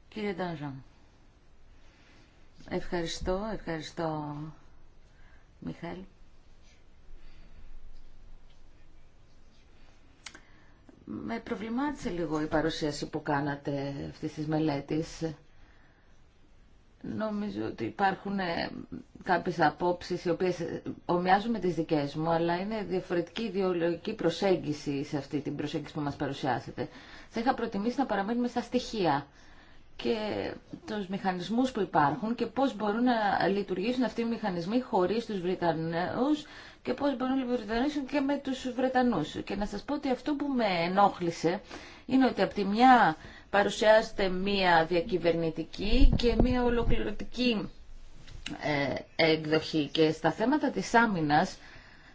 Κύριε Ντανζάν, ευχαριστώ, ευχαριστώ Μιχάλη. με προβλημάτισε λίγο η παρουσίαση που κάνατε αυτή της μελέτη. Νομίζω ότι υπάρχουν ε, κάποιες απόψεις οι οποίες ε, ομοιάζουν με τις δικές μου, αλλά είναι διαφορετική ιδεολογική προσέγγιση σε αυτή την προσέγγιση που μας παρουσιάσετε. Θα είχα προτιμήσει να παραμένουμε στα στοιχεία και τους μηχανισμούς που υπάρχουν και πώς μπορούν να λειτουργήσουν αυτοί οι μηχανισμοί χωρίς τους Βρετανούς και πώς μπορούν να λειτουργήσουν και με τους Βρετανούς. Και να σας πω ότι αυτό που με ενόχλησε είναι ότι από τη μια παρουσιάζεται μία διακυβερνητική και μία ολοκληρωτική ε, εκδοχή. Και στα θέματα της άμυνας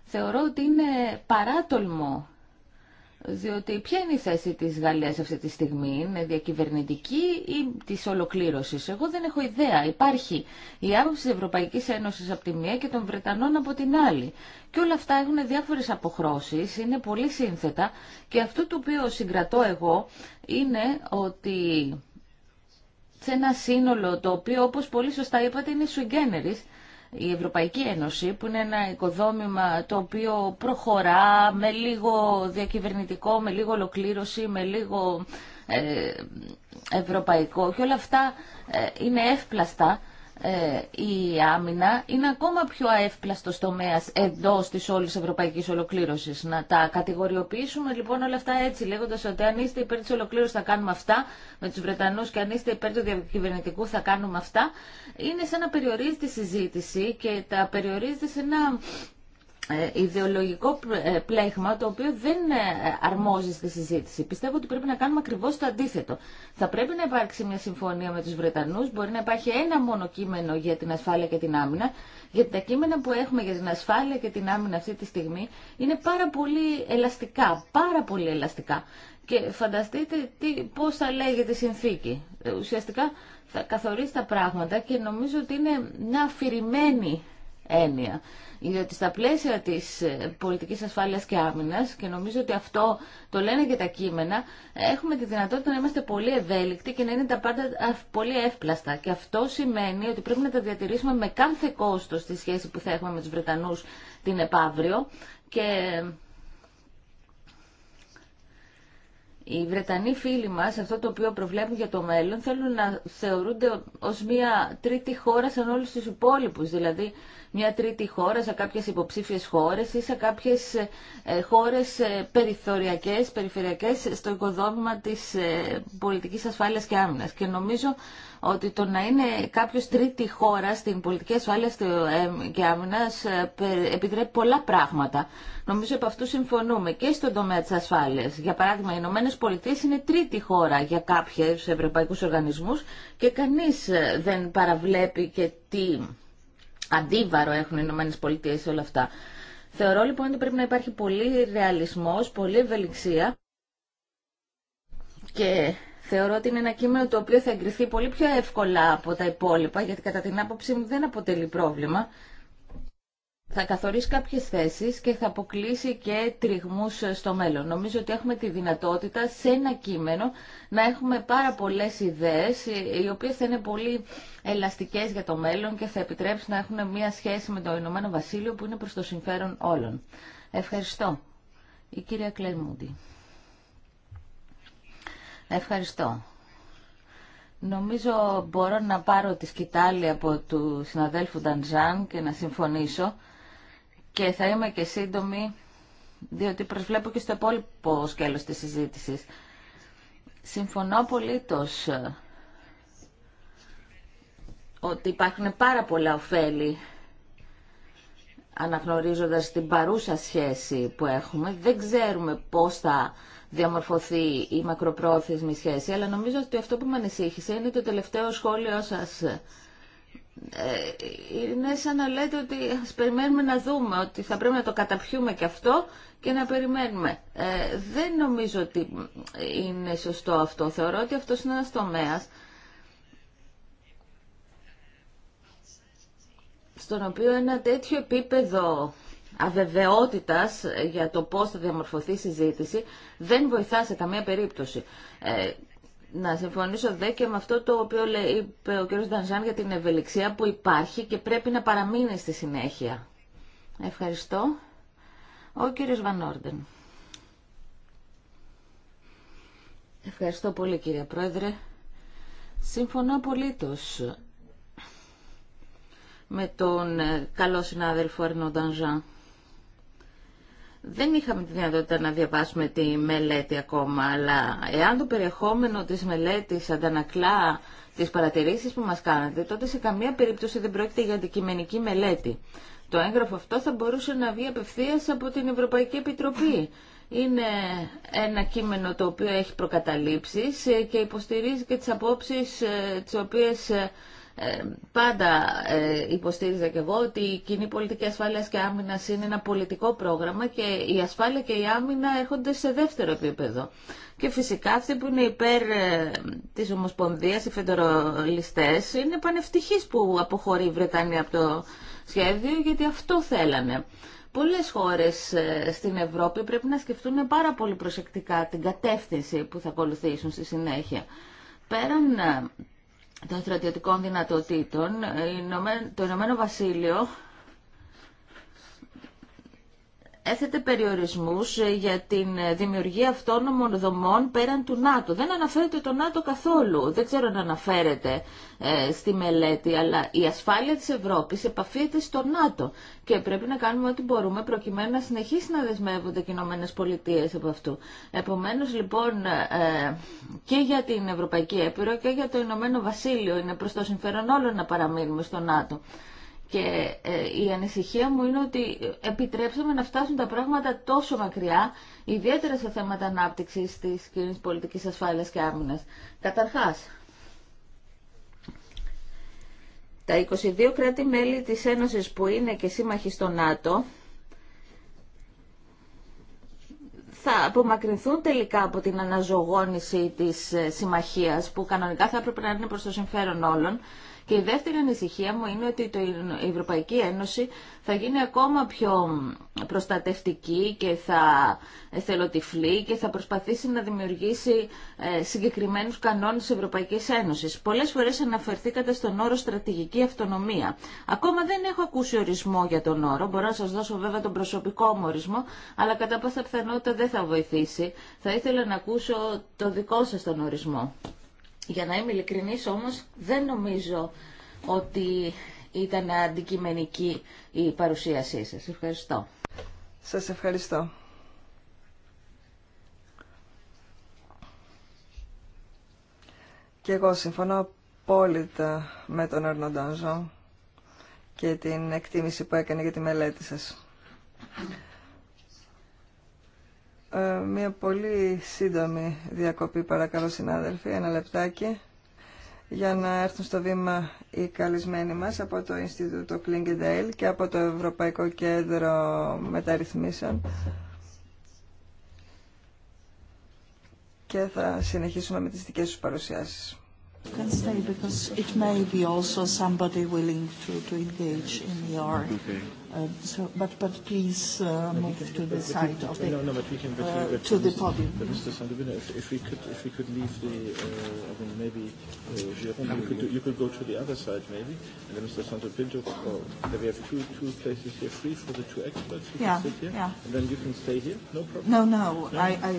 θεωρώ ότι είναι παράτολμο διότι ποια είναι η θέση της Γαλλίας αυτή τη στιγμή, είναι διακυβερνητική ή της ολοκλήρωσης. Εγώ δεν έχω ιδέα. Υπάρχει η άποψη της Ευρωπαϊκής Ένωσης από τη μία και των Βρετανών από την άλλη. Και όλα αυτά έχουν διάφορες αποχρώσεις, είναι πολύ σύνθετα και αυτό το οποίο συγκρατώ εγώ είναι ότι σε ένα σύνολο το οποίο όπως πολύ σωστά είπατε είναι σου η Ευρωπαϊκή Ένωση που είναι ένα οικοδόμημα το οποίο προχωρά με λίγο διακυβερνητικό, με λίγο ολοκλήρωση, με λίγο ε, ευρωπαϊκό και όλα αυτά ε, είναι εύπλαστα ε, η άμυνα είναι ακόμα πιο αεύπλαστο τομέα εντό τη όλη ευρωπαϊκή ολοκλήρωση. Να τα κατηγοριοποιήσουμε λοιπόν όλα αυτά έτσι, λέγοντα ότι αν είστε υπέρ τη ολοκλήρωση θα κάνουμε αυτά με του Βρετανού και αν είστε υπέρ του διακυβερνητικού θα κάνουμε αυτά, είναι σαν να περιορίζει τη συζήτηση και τα περιορίζει σε ένα ε, ιδεολογικό ε, πλέγμα το οποίο δεν ε, αρμόζει στη συζήτηση. Πιστεύω ότι πρέπει να κάνουμε ακριβώ το αντίθετο. Θα πρέπει να υπάρξει μια συμφωνία με του Βρετανού, μπορεί να υπάρχει ένα μόνο κείμενο για την ασφάλεια και την άμυνα, γιατί τα κείμενα που έχουμε για την ασφάλεια και την άμυνα αυτή τη στιγμή είναι πάρα πολύ ελαστικά, πάρα πολύ ελαστικά. Και φανταστείτε τι, πώς θα λέγεται συνθήκη. Ουσιαστικά θα καθορίσει τα πράγματα και νομίζω ότι είναι μια αφηρημένη έννοια. Διότι στα πλαίσια τη ε, πολιτική ασφάλεια και άμυνα. και νομίζω ότι αυτό το λένε και τα κείμενα, έχουμε τη δυνατότητα να είμαστε πολύ ευέλικτοι και να είναι τα πάντα πολύ εύπλαστα. Και αυτό σημαίνει ότι πρέπει να τα διατηρήσουμε με κάθε κόστο στη σχέση που θα έχουμε με τους Βρετανούς την επαύριο. Και οι Βρετανοί φίλοι μα αυτό το οποίο προβλέπουν για το μέλλον, θέλουν να θεωρούνται ω μια τρίτη χώρα σαν όλου του υπόλοιπου, Δηλαδή μια τρίτη χώρα, σε κάποιες υποψήφιες χώρες ή σε κάποιες ε, χώρες ε, περιθωριακές, περιφερειακές στο οικοδόμημα της ε, πολιτικής ασφάλειας και άμυνας. Και νομίζω ότι το να είναι κάποιο τρίτη χώρα στην πολιτική ασφάλεια και άμυνας επιτρέπει πολλά πράγματα. Νομίζω από αυτού συμφωνούμε και στον τομέα της ασφάλειας. Για παράδειγμα, οι Ηνωμένε Πολιτείε είναι τρίτη χώρα για κάποιους ευρωπαϊκούς οργανισμούς και κανείς δεν παραβλέπει και τι αντίβαρο έχουν οι Ηνωμένες Πολιτείες σε όλα αυτά. Θεωρώ λοιπόν ότι πρέπει να υπάρχει πολύ ρεαλισμός, πολύ ευελιξία και θεωρώ ότι είναι ένα κείμενο το οποίο θα εγκριθεί πολύ πιο εύκολα από τα υπόλοιπα γιατί κατά την άποψή μου δεν αποτελεί πρόβλημα θα καθορίσει κάποιες θέσεις και θα αποκλείσει και τριγμούς στο μέλλον. Νομίζω ότι έχουμε τη δυνατότητα σε ένα κείμενο να έχουμε πάρα πολλές ιδέες οι οποίες θα είναι πολύ ελαστικές για το μέλλον και θα επιτρέψουν να έχουν μια σχέση με το Ηνωμένο Βασίλειο που είναι προς το συμφέρον όλων. Ευχαριστώ. Η κυρία Κλερμούντι. Ευχαριστώ. Νομίζω μπορώ να πάρω τη σκητάλη από του συναδέλφου Νταντζάν και να συμφωνήσω και θα είμαι και σύντομη, διότι προσβλέπω και στο υπόλοιπο σκέλος της συζήτησης. Συμφωνώ απολύτως ε, ότι υπάρχουν πάρα πολλά ωφέλη αναγνωρίζοντας την παρούσα σχέση που έχουμε. Δεν ξέρουμε πώς θα διαμορφωθεί η μακροπρόθεσμη σχέση, αλλά νομίζω ότι αυτό που με ανησύχησε είναι το τελευταίο σχόλιο σας ε, είναι σαν να λέτε ότι ας περιμένουμε να δούμε, ότι θα πρέπει να το καταπιούμε και αυτό και να περιμένουμε. Ε, δεν νομίζω ότι είναι σωστό αυτό. Θεωρώ ότι αυτός είναι ένας τομέας στον οποίο ένα τέτοιο επίπεδο αβεβαιότητας για το πώς θα διαμορφωθεί η συζήτηση δεν βοηθά σε καμία περίπτωση. Ε, να συμφωνήσω δε και με αυτό το οποίο είπε ο κ. Ντανζάν για την ευελιξία που υπάρχει και πρέπει να παραμείνει στη συνέχεια. Ευχαριστώ. Ο κύριος Βανόρντεν. Ευχαριστώ πολύ κύριε Πρόεδρε. Συμφωνώ απολύτως με τον ε, καλό συνάδελφο Αρνό Ντανζάν. Δεν είχαμε τη δυνατότητα να διαβάσουμε τη μελέτη ακόμα, αλλά εάν το περιεχόμενο της μελέτης αντανακλά τις παρατηρήσεις που μας κάνατε, τότε σε καμία περίπτωση δεν πρόκειται για αντικειμενική μελέτη. Το έγγραφο αυτό θα μπορούσε να βγει απευθεία από την Ευρωπαϊκή Επιτροπή. Είναι ένα κείμενο το οποίο έχει προκαταλήψεις και υποστηρίζει και τις απόψεις ε, τις οποίες ε, ε, πάντα ε, υποστήριζα και εγώ ότι η κοινή πολιτική ασφάλειας και άμυνας είναι ένα πολιτικό πρόγραμμα και η ασφάλεια και η άμυνα έρχονται σε δεύτερο επίπεδο. Και φυσικά αυτοί που είναι υπέρ ε, της Ομοσπονδίας, οι φεντερολιστές, είναι πανευτυχείς που αποχωρεί η Βρετανία από το σχέδιο γιατί αυτό θέλανε. Πολλές χώρες στην Ευρώπη πρέπει να σκεφτούν πάρα πολύ προσεκτικά την κατεύθυνση που θα ακολουθήσουν στη συνέχεια. Πέραν των στρατιωτικών δυνατοτήτων, ε, το Ηνωμένο Βασίλειο έθετε περιορισμούς ε, για την ε, δημιουργία αυτόνομων δομών πέραν του ΝΑΤΟ. Δεν αναφέρεται το ΝΑΤΟ καθόλου. Δεν ξέρω αν αναφέρεται ε, στη μελέτη, αλλά η ασφάλεια της Ευρώπης επαφείται στο ΝΑΤΟ και πρέπει να κάνουμε ό,τι μπορούμε προκειμένου να συνεχίσει να δεσμεύονται οι Ηνωμένες Πολιτείες από αυτού. Επομένως, λοιπόν, και για την Ευρωπαϊκή Έπειρο και για το Ηνωμένο Βασίλειο είναι προς το συμφέρον όλων να παραμείνουμε στο ΝΑΤΟ. Και ε, η ανησυχία μου είναι ότι επιτρέψαμε να φτάσουν τα πράγματα τόσο μακριά, ιδιαίτερα σε θέματα ανάπτυξη τη κοινή πολιτική ασφάλεια και άμυνα. Καταρχά, τα 22 κράτη-μέλη της Ένωσης που είναι και σύμμαχοι στο ΝΑΤΟ θα απομακρυνθούν τελικά από την αναζωογόνηση της ε, συμμαχίας που κανονικά θα έπρεπε να είναι προς το συμφέρον όλων και η δεύτερη ανησυχία μου είναι ότι η Ευρωπαϊκή Ένωση θα γίνει ακόμα πιο προστατευτική και θα εθελοτυφλή και θα προσπαθήσει να δημιουργήσει ε, συγκεκριμένους κανόνες Ευρωπαϊκής Ένωσης. Πολλές φορές αναφερθήκατε στον όρο στρατηγική αυτονομία. Ακόμα δεν έχω ακούσει ορισμό για τον όρο, μπορώ να σας δώσω βέβαια τον προσωπικό μου ορισμό, αλλά κατά πάσα πιθανότητα δεν θα βοηθήσει. Θα ήθελα να ακούσω το δικό σας τον ορισμό. Για να είμαι ειλικρινής όμως δεν νομίζω ότι ήταν αντικειμενική η παρουσίασή σας. Ευχαριστώ. Σας ευχαριστώ. Και εγώ συμφωνώ απόλυτα με τον Ερνοντάνζο και την εκτίμηση που έκανε για τη μελέτη σας. Ε, μια πολύ σύντομη διακοπή παρακαλώ συνάδελφοι, ένα λεπτάκι για να έρθουν στο βήμα οι καλεσμένοι μας από το Ινστιτούτο Κλίνγκεντέιλ και από το Ευρωπαϊκό Κέντρο Μεταρρυθμίσεων και θα συνεχίσουμε με τις δικές τους παρουσιάσεις but please move to the side of the to the podium. Mr. Santopietro, if, we could if we could leave the I mean maybe you could go to the other side maybe, and then Mr. Santopietro, we have two places here free for the two experts. yeah, yeah. And then you can stay here, no problem. No no, I I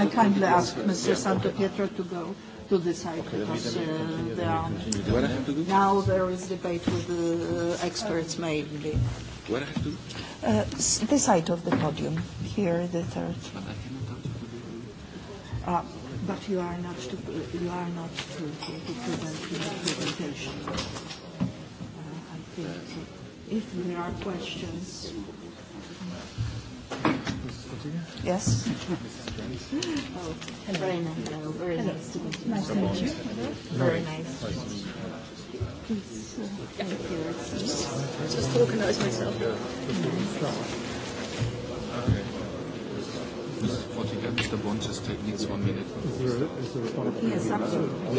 I, I, kindly ask Mr. Santopietro to go to decide because uh there are now there is debate with the experts mainly. What I The side of the podium, here, the third. But you are not to you are not to present the presentation. Uh I think if there are questions. Yes. Very nice. Nice to meet you. Very nice. Just myself. Mr. Bond just needs one minute. Yes, absolutely.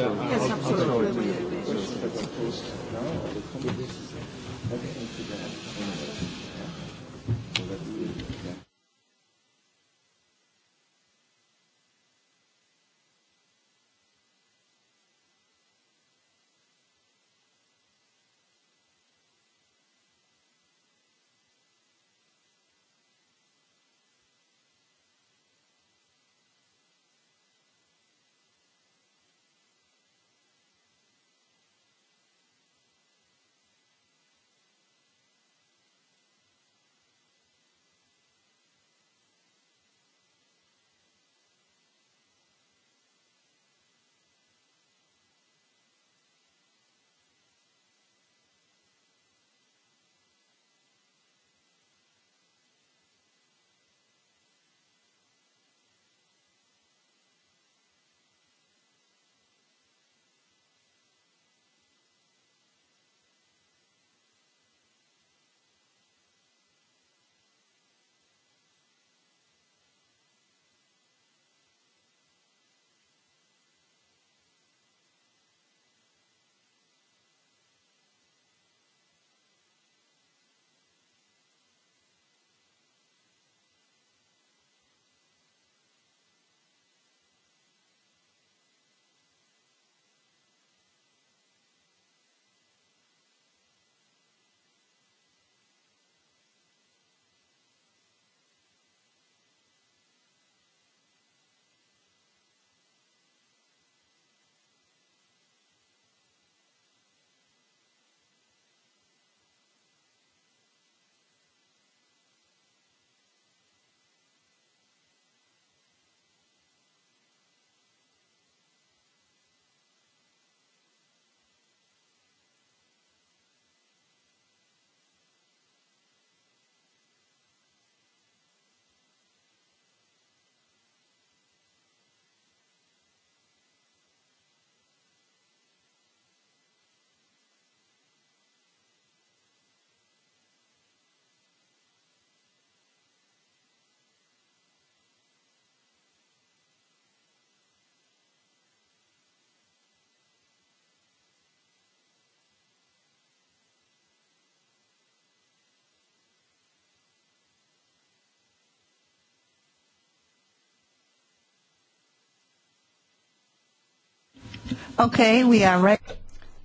Okay, we are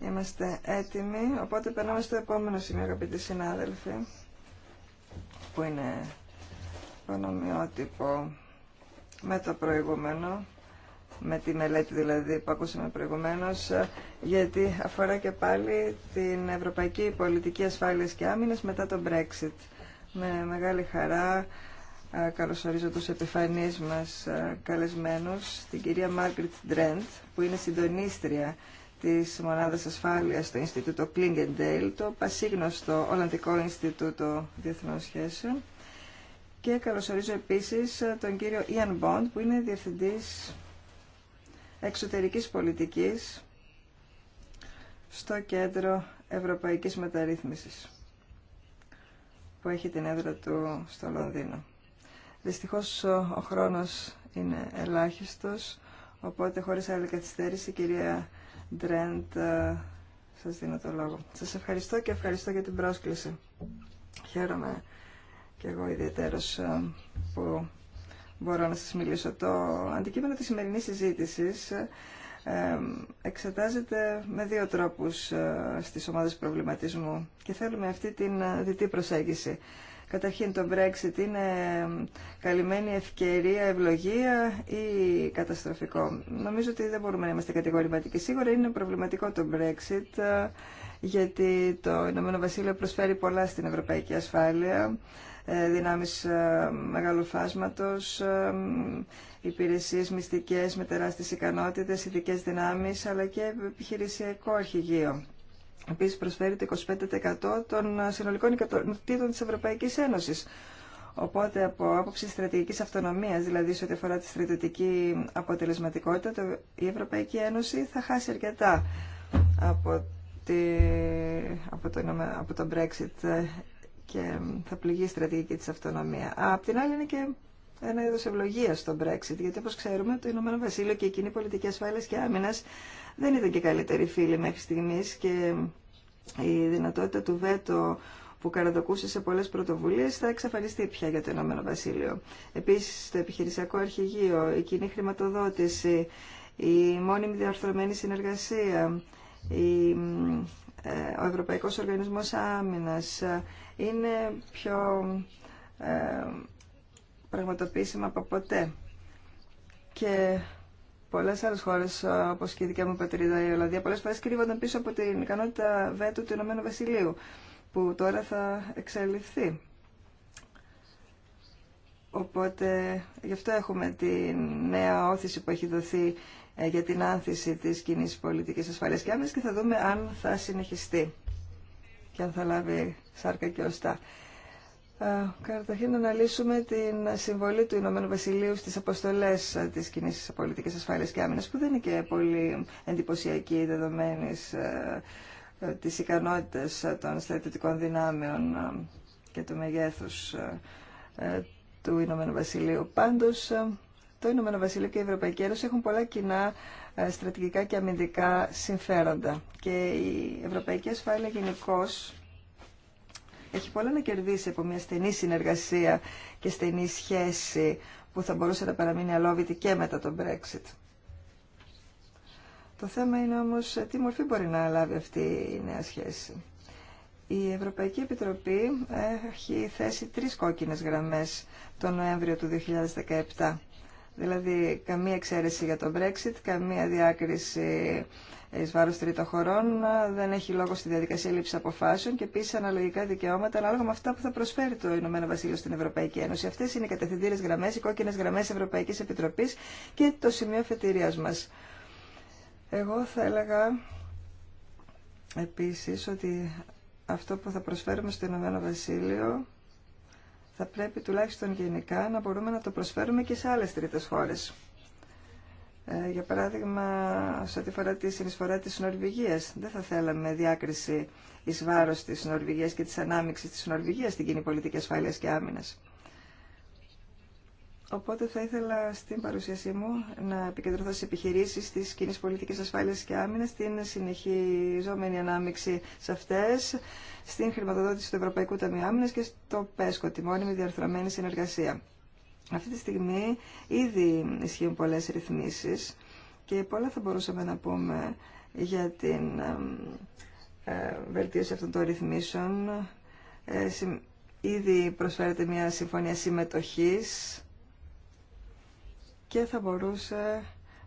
Είμαστε έτοιμοι, οπότε περνάμε στο επόμενο σημείο, αγαπητοί συνάδελφοι, που είναι νομιότυπο με το προηγούμενο, με τη μελέτη δηλαδή που ακούσαμε προηγουμένως, γιατί αφορά και πάλι την Ευρωπαϊκή Πολιτική Ασφάλειας και Άμυνας μετά το Brexit. Με μεγάλη χαρά ε, καλωσορίζω τους επιφανείς μας ε, καλεσμένους, την κυρία Μάργκριτ Ντρέντ, που είναι συντονίστρια της Μονάδας Ασφάλειας στο Ινστιτούτο Κλίνγκεντέιλ, το πασίγνωστο Ολλανδικό Ινστιτούτο Διεθνών Σχέσεων. Και καλωσορίζω επίσης ε, τον κύριο Ιαν Μποντ, που είναι Διευθυντής Εξωτερικής Πολιτικής στο Κέντρο Ευρωπαϊκής Μεταρρύθμισης που έχει την έδρα του στο Λονδίνο. Δυστυχώς ο χρόνος είναι ελάχιστος, οπότε χωρίς άλλη καθυστέρηση, κυρία Ντρέντ, ε, σας δίνω το λόγο. Σας ευχαριστώ και ευχαριστώ για την πρόσκληση. Χαίρομαι και εγώ ιδιαίτερος ε, που μπορώ να σας μιλήσω. Το αντικείμενο της σημερινής συζήτησης ε, εξετάζεται με δύο τρόπους στις ομάδες προβληματισμού και θέλουμε αυτή την διτή προσέγγιση. Καταρχήν το Brexit είναι καλυμμένη ευκαιρία, ευλογία ή καταστροφικό. Νομίζω ότι δεν μπορούμε να είμαστε κατηγορηματικοί. Σίγουρα είναι προβληματικό το Brexit ε, γιατί το Ηνωμένο Βασίλειο προσφέρει πολλά στην ευρωπαϊκή ασφάλεια ε, δυνάμεις ε, μεγάλου φάσματος, υπηρεσίες μυστικές με τεράστιες ικανότητες, ειδικές δυνάμεις, αλλά και επιχειρησιακό αρχηγείο. Επίση προσφέρει το 25% των συνολικών οικοτήτων της Ευρωπαϊκής Ένωσης. Οπότε από άποψη στρατηγικής αυτονομίας, δηλαδή σε ό,τι αφορά τη στρατιωτική αποτελεσματικότητα, η Ευρωπαϊκή Ένωση θα χάσει αρκετά από, τη, από, το, από το Brexit ε, και θα πληγεί η στρατηγική της αυτονομία. Απ' την άλλη είναι και ένα είδο ευλογία στο Brexit, γιατί όπω ξέρουμε το Ηνωμένο Βασίλειο και η κοινή πολιτική ασφάλεια και άμυνα δεν ήταν και καλύτερη φίλη μέχρι στιγμής και η δυνατότητα του βέτο που καραδοκούσε σε πολλές πρωτοβουλίες θα εξαφανιστεί πια για το Ηνωμένο Βασίλειο. Επίσης, το επιχειρησιακό αρχηγείο, η κοινή χρηματοδότηση, η μόνιμη διαρθρωμένη συνεργασία, η, ε, ο Ευρωπαϊκός Οργανισμός Άμυνας ε, είναι πιο ε, πραγματοποιήσιμα από ποτέ. Και πολλέ άλλε χώρε, ε, όπω και η δικιά μου πατρίδα, η Ολλανδία, πολλέ φορέ κρύβονταν πίσω από την ικανότητα βέτου του Ηνωμένου Βασιλείου, που τώρα θα εξαλειφθεί. Οπότε γι' αυτό έχουμε τη νέα όθηση που έχει δοθεί ε, για την άνθηση της κοινή πολιτικής ασφαλείας και και θα δούμε αν θα συνεχιστεί και αν θα λάβει σάρκα και ωστά. Ε, καταρχήν να αναλύσουμε την συμβολή του Ηνωμένου Βασιλείου στις αποστολές ε, της κοινή πολιτικής ασφάλειας και άμυνας που δεν είναι και πολύ εντυπωσιακή δεδομένη ε, της ικανότητας των στρατιωτικών δυνάμεων και του μεγέθους του Ηνωμένου Βασιλείου. Πάντως, το Ηνωμένο Βασιλείο και η Ευρωπαϊκή Ένωση έχουν πολλά κοινά στρατηγικά και αμυντικά συμφέροντα. Και η Ευρωπαϊκή Ασφάλεια γενικώ έχει πολλά να κερδίσει από μια στενή συνεργασία και στενή σχέση που θα μπορούσε να παραμείνει αλόβητη και μετά τον Brexit. Το θέμα είναι όμως τι μορφή μπορεί να λάβει αυτή η νέα σχέση. Η Ευρωπαϊκή Επιτροπή έχει θέσει τρεις κόκκινες γραμμές το Νοέμβριο του 2017. Δηλαδή καμία εξαίρεση για το Brexit, καμία διάκριση εις βάρος τρίτων χωρών δεν έχει λόγο στη διαδικασία λήψη αποφάσεων και επίση αναλογικά δικαιώματα ανάλογα με αυτά που θα προσφέρει το Ηνωμένο Βασίλειο στην Ευρωπαϊκή Ένωση. Αυτέ είναι οι κατευθυντήρε γραμμέ, οι κόκκινε γραμμέ Ευρωπαϊκή Επιτροπή και το σημείο φετηρία μα. Εγώ θα έλεγα επίση ότι αυτό που θα προσφέρουμε στο Ηνωμένο Βασίλειο θα πρέπει τουλάχιστον γενικά να μπορούμε να το προσφέρουμε και σε άλλες τρίτες χώρε. Ε, για παράδειγμα, σε ό,τι φορά τη συνεισφορά της Νορβηγίας, δεν θα θέλαμε διάκριση εις βάρος της Νορβηγίας και της ανάμειξης της Νορβηγίας στην κοινή πολιτική ασφάλειας και άμυνας. Οπότε θα ήθελα στην παρουσίασή μου να επικεντρωθώ σε επιχειρήσεις της κοινή πολιτικής ασφάλειας και άμυνας, στην συνεχιζόμενη ανάμειξη σε αυτές, στην χρηματοδότηση του Ευρωπαϊκού Ταμείου Άμυνας και στο ΠΕΣΚΟ, τη μόνιμη διαρθρωμένη συνεργασία. Αυτή τη στιγμή ήδη ισχύουν πολλές ρυθμίσεις και πολλά θα μπορούσαμε να πούμε για την ε, βελτίωση αυτών των ρυθμίσεων. Ε, ήδη προσφέρεται μια συμφωνία συμμετοχής και θα μπορούσε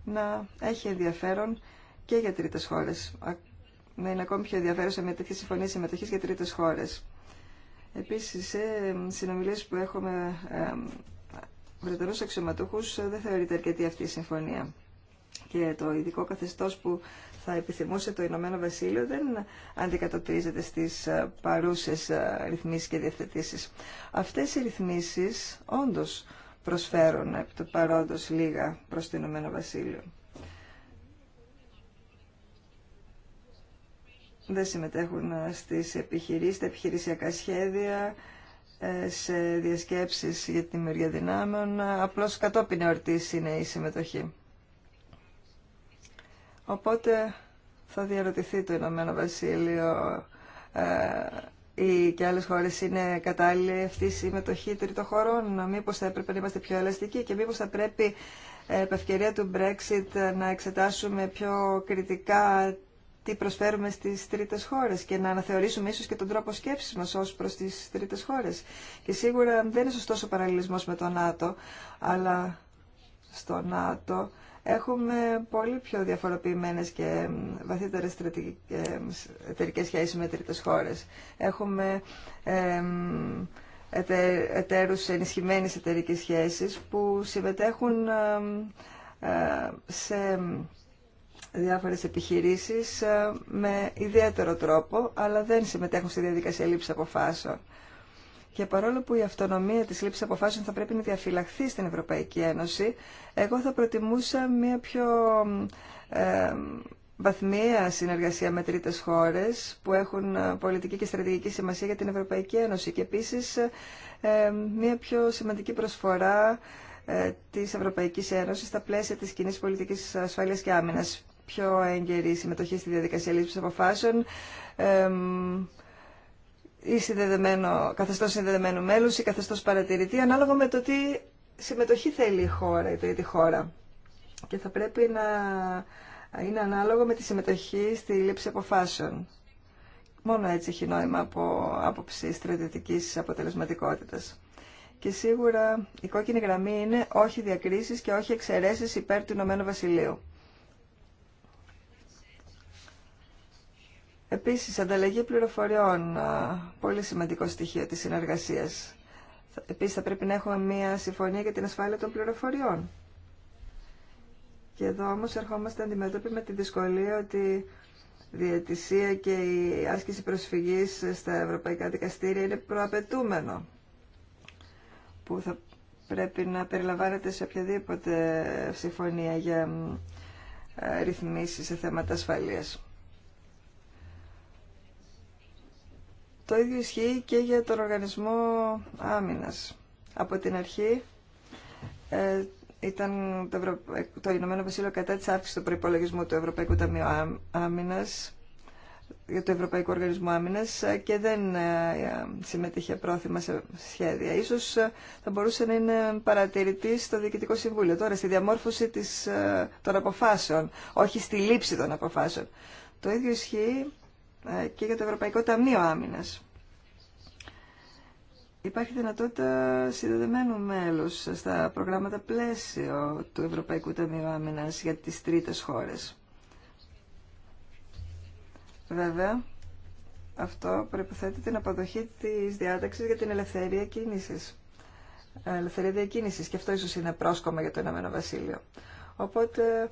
να έχει ενδιαφέρον και για τρίτες χώρες. Να είναι ακόμη πιο σε μια τέτοια συμφωνία συμμετοχής για τρίτες χώρες. Επίσης, σε που έχουμε Βρετανούς Αξιωματούχος ε, δεν θεωρείται αρκετή αυτή η συμφωνία. Και το ειδικό καθεστώς που θα επιθυμούσε το Ηνωμένο Βασίλειο δεν αντικατοπτρίζεται στις ε, παρούσες ε, ρυθμίσεις και διευθετήσεις. Αυτές οι ρυθμίσεις όντως προσφέρουν από το παρόντος λίγα προς το Ηνωμένο Βασίλειο. Δεν συμμετέχουν στις επιχειρήσεις, τα επιχειρησιακά σχέδια, σε διασκέψεις για τη δημιουργία δυνάμεων, απλώς κατόπιν εορτής είναι η συμμετοχή. Οπότε θα διαρωτηθεί το Ηνωμένο Βασίλειο ή ε, και άλλες χώρες είναι κατάλληλη αυτή η συμμετοχή τρίτων χωρών. Μήπως θα έπρεπε να είμαστε πιο ελαστικοί και μήπως θα πρέπει επ' ευκαιρία του Brexit να εξετάσουμε πιο κριτικά τι προσφέρουμε στις τρίτε χώρε και να αναθεωρήσουμε ίσως και τον τρόπο σκέψη μα ως προς τις τρίτε χώρε. Και σίγουρα δεν είναι σωστό ο παραλληλισμός με το ΝΑΤΟ, αλλά στο ΝΑΤΟ έχουμε πολύ πιο διαφοροποιημένε και βαθύτερες εταιρικέ σχέσεις με τρίτες χώρε. Έχουμε ε, ετε, εταίρους ενισχυμένε εταιρικέ που συμμετέχουν ε, σε διάφορες επιχειρήσεις ε, με ιδιαίτερο τρόπο, αλλά δεν συμμετέχουν στη διαδικασία λήψη αποφάσεων. Και παρόλο που η αυτονομία της λήψης αποφάσεων θα πρέπει να διαφυλαχθεί στην Ευρωπαϊκή Ένωση, εγώ θα προτιμούσα μια πιο ε, βαθμία συνεργασία με τρίτες χώρες που έχουν ε, πολιτική και στρατηγική σημασία για την Ευρωπαϊκή Ένωση και επίσης ε, μια πιο σημαντική προσφορά ε, της Ευρωπαϊκής Ένωσης στα πλαίσια της κοινή πολιτικής ασφάλειας και άμυνας πιο έγκαιρη συμμετοχή στη διαδικασία λήψης αποφάσεων, ή συνδεδεμένο, καθεστώς συνδεδεμένου μέλους ή καθεστώς παρατηρητή, ανάλογα με το τι συμμετοχή θέλει η χώρα ή το χώρα. Και θα πρέπει να είναι ανάλογο με τη συμμετοχή στη λήψη αποφάσεων. Μόνο έτσι έχει νόημα από άποψη στρατιωτικής αποτελεσματικότητας. Και σίγουρα η κόκκινη γραμμή είναι όχι διακρίσεις και όχι εξαιρέσεις υπέρ του Ηνωμένου Βασιλείου. Επίσης, ανταλλαγή πληροφοριών, πολύ σημαντικό στοιχείο της συνεργασίας. Επίσης, θα πρέπει να έχουμε μια συμφωνία για την ασφάλεια των πληροφοριών. Και εδώ όμως ερχόμαστε να με τη δυσκολία ότι η διαιτησία και η άσκηση προσφυγής στα ευρωπαϊκά δικαστήρια είναι προαπαιτούμενο που θα πρέπει να περιλαμβάνεται σε οποιαδήποτε συμφωνία για ε, ρυθμίσεις σε θέματα ασφαλείας. Το ίδιο ισχύει και για τον οργανισμό άμυνας. Από την αρχή ε, ήταν το, το Ηνωμένο Βασίλειο κατά της αύξησης του προϋπολογισμού του Ευρωπαϊκού Ταμείου Άμυνας για το Ευρωπαϊκό Οργανισμό Άμυνας ε, και δεν ε, συμμετείχε πρόθυμα σε σχέδια. Ίσως θα μπορούσε να είναι παρατηρητή στο Διοικητικό Συμβούλιο. Τώρα στη διαμόρφωση της, των αποφάσεων, όχι στη λήψη των αποφάσεων. Το ίδιο ισχύει ε, και για το Ευρωπαϊκό Ταμείο Άμυνας. Υπάρχει δυνατότητα συνδεδεμένου μέλους στα προγράμματα πλαίσιο του Ευρωπαϊκού Ταμείου Άμυνας για τις τρίτες χώρες. Βέβαια, αυτό προϋποθέτει την αποδοχή της διάταξης για την ελευθερία κίνησης. Ε, ελευθερία διακίνησης και αυτό ίσως είναι πρόσκομα για το Ηνωμένο Βασίλειο. Οπότε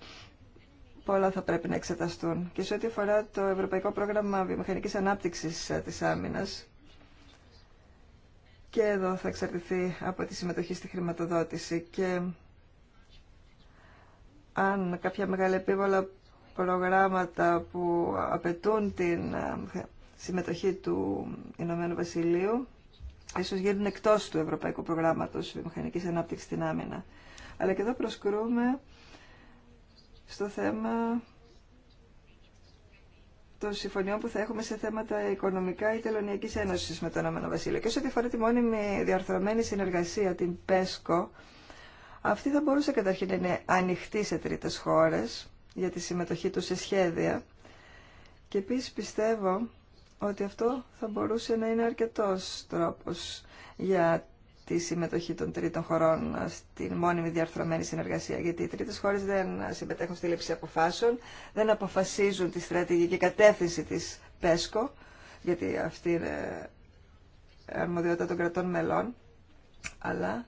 πολλά θα πρέπει να εξεταστούν. Και σε ό,τι αφορά το Ευρωπαϊκό Πρόγραμμα Βιομηχανικής Ανάπτυξης ε, της Άμυνας, και εδώ θα εξαρτηθεί από τη συμμετοχή στη χρηματοδότηση και αν κάποια μεγάλα επίβολα προγράμματα που απαιτούν την ε, συμμετοχή του Ηνωμένου Βασιλείου ίσως γίνουν εκτός του Ευρωπαϊκού Προγράμματος Βιομηχανικής Ανάπτυξης στην Άμυνα. Αλλά και εδώ προσκρούμε στο θέμα των συμφωνιών που θα έχουμε σε θέματα οικονομικά ή τελωνιακή ένωση με το Ηνωμένο Βασίλειο. Και όσο αφορά τη μόνιμη διαρθρωμένη συνεργασία, την ΠΕΣΚΟ, αυτή θα μπορούσε καταρχήν να είναι ανοιχτή σε τρίτε χώρε για τη συμμετοχή του σε σχέδια. Και επίση πιστεύω ότι αυτό θα μπορούσε να είναι αρκετό τρόπο για τη συμμετοχή των τρίτων χωρών στην μόνιμη διαρθρωμένη συνεργασία, γιατί οι τρίτε χώρε δεν συμμετέχουν στη λήψη αποφάσεων, δεν αποφασίζουν τη στρατηγική κατεύθυνση τη ΠΕΣΚΟ, γιατί αυτή είναι αρμοδιότητα των κρατών μελών, αλλά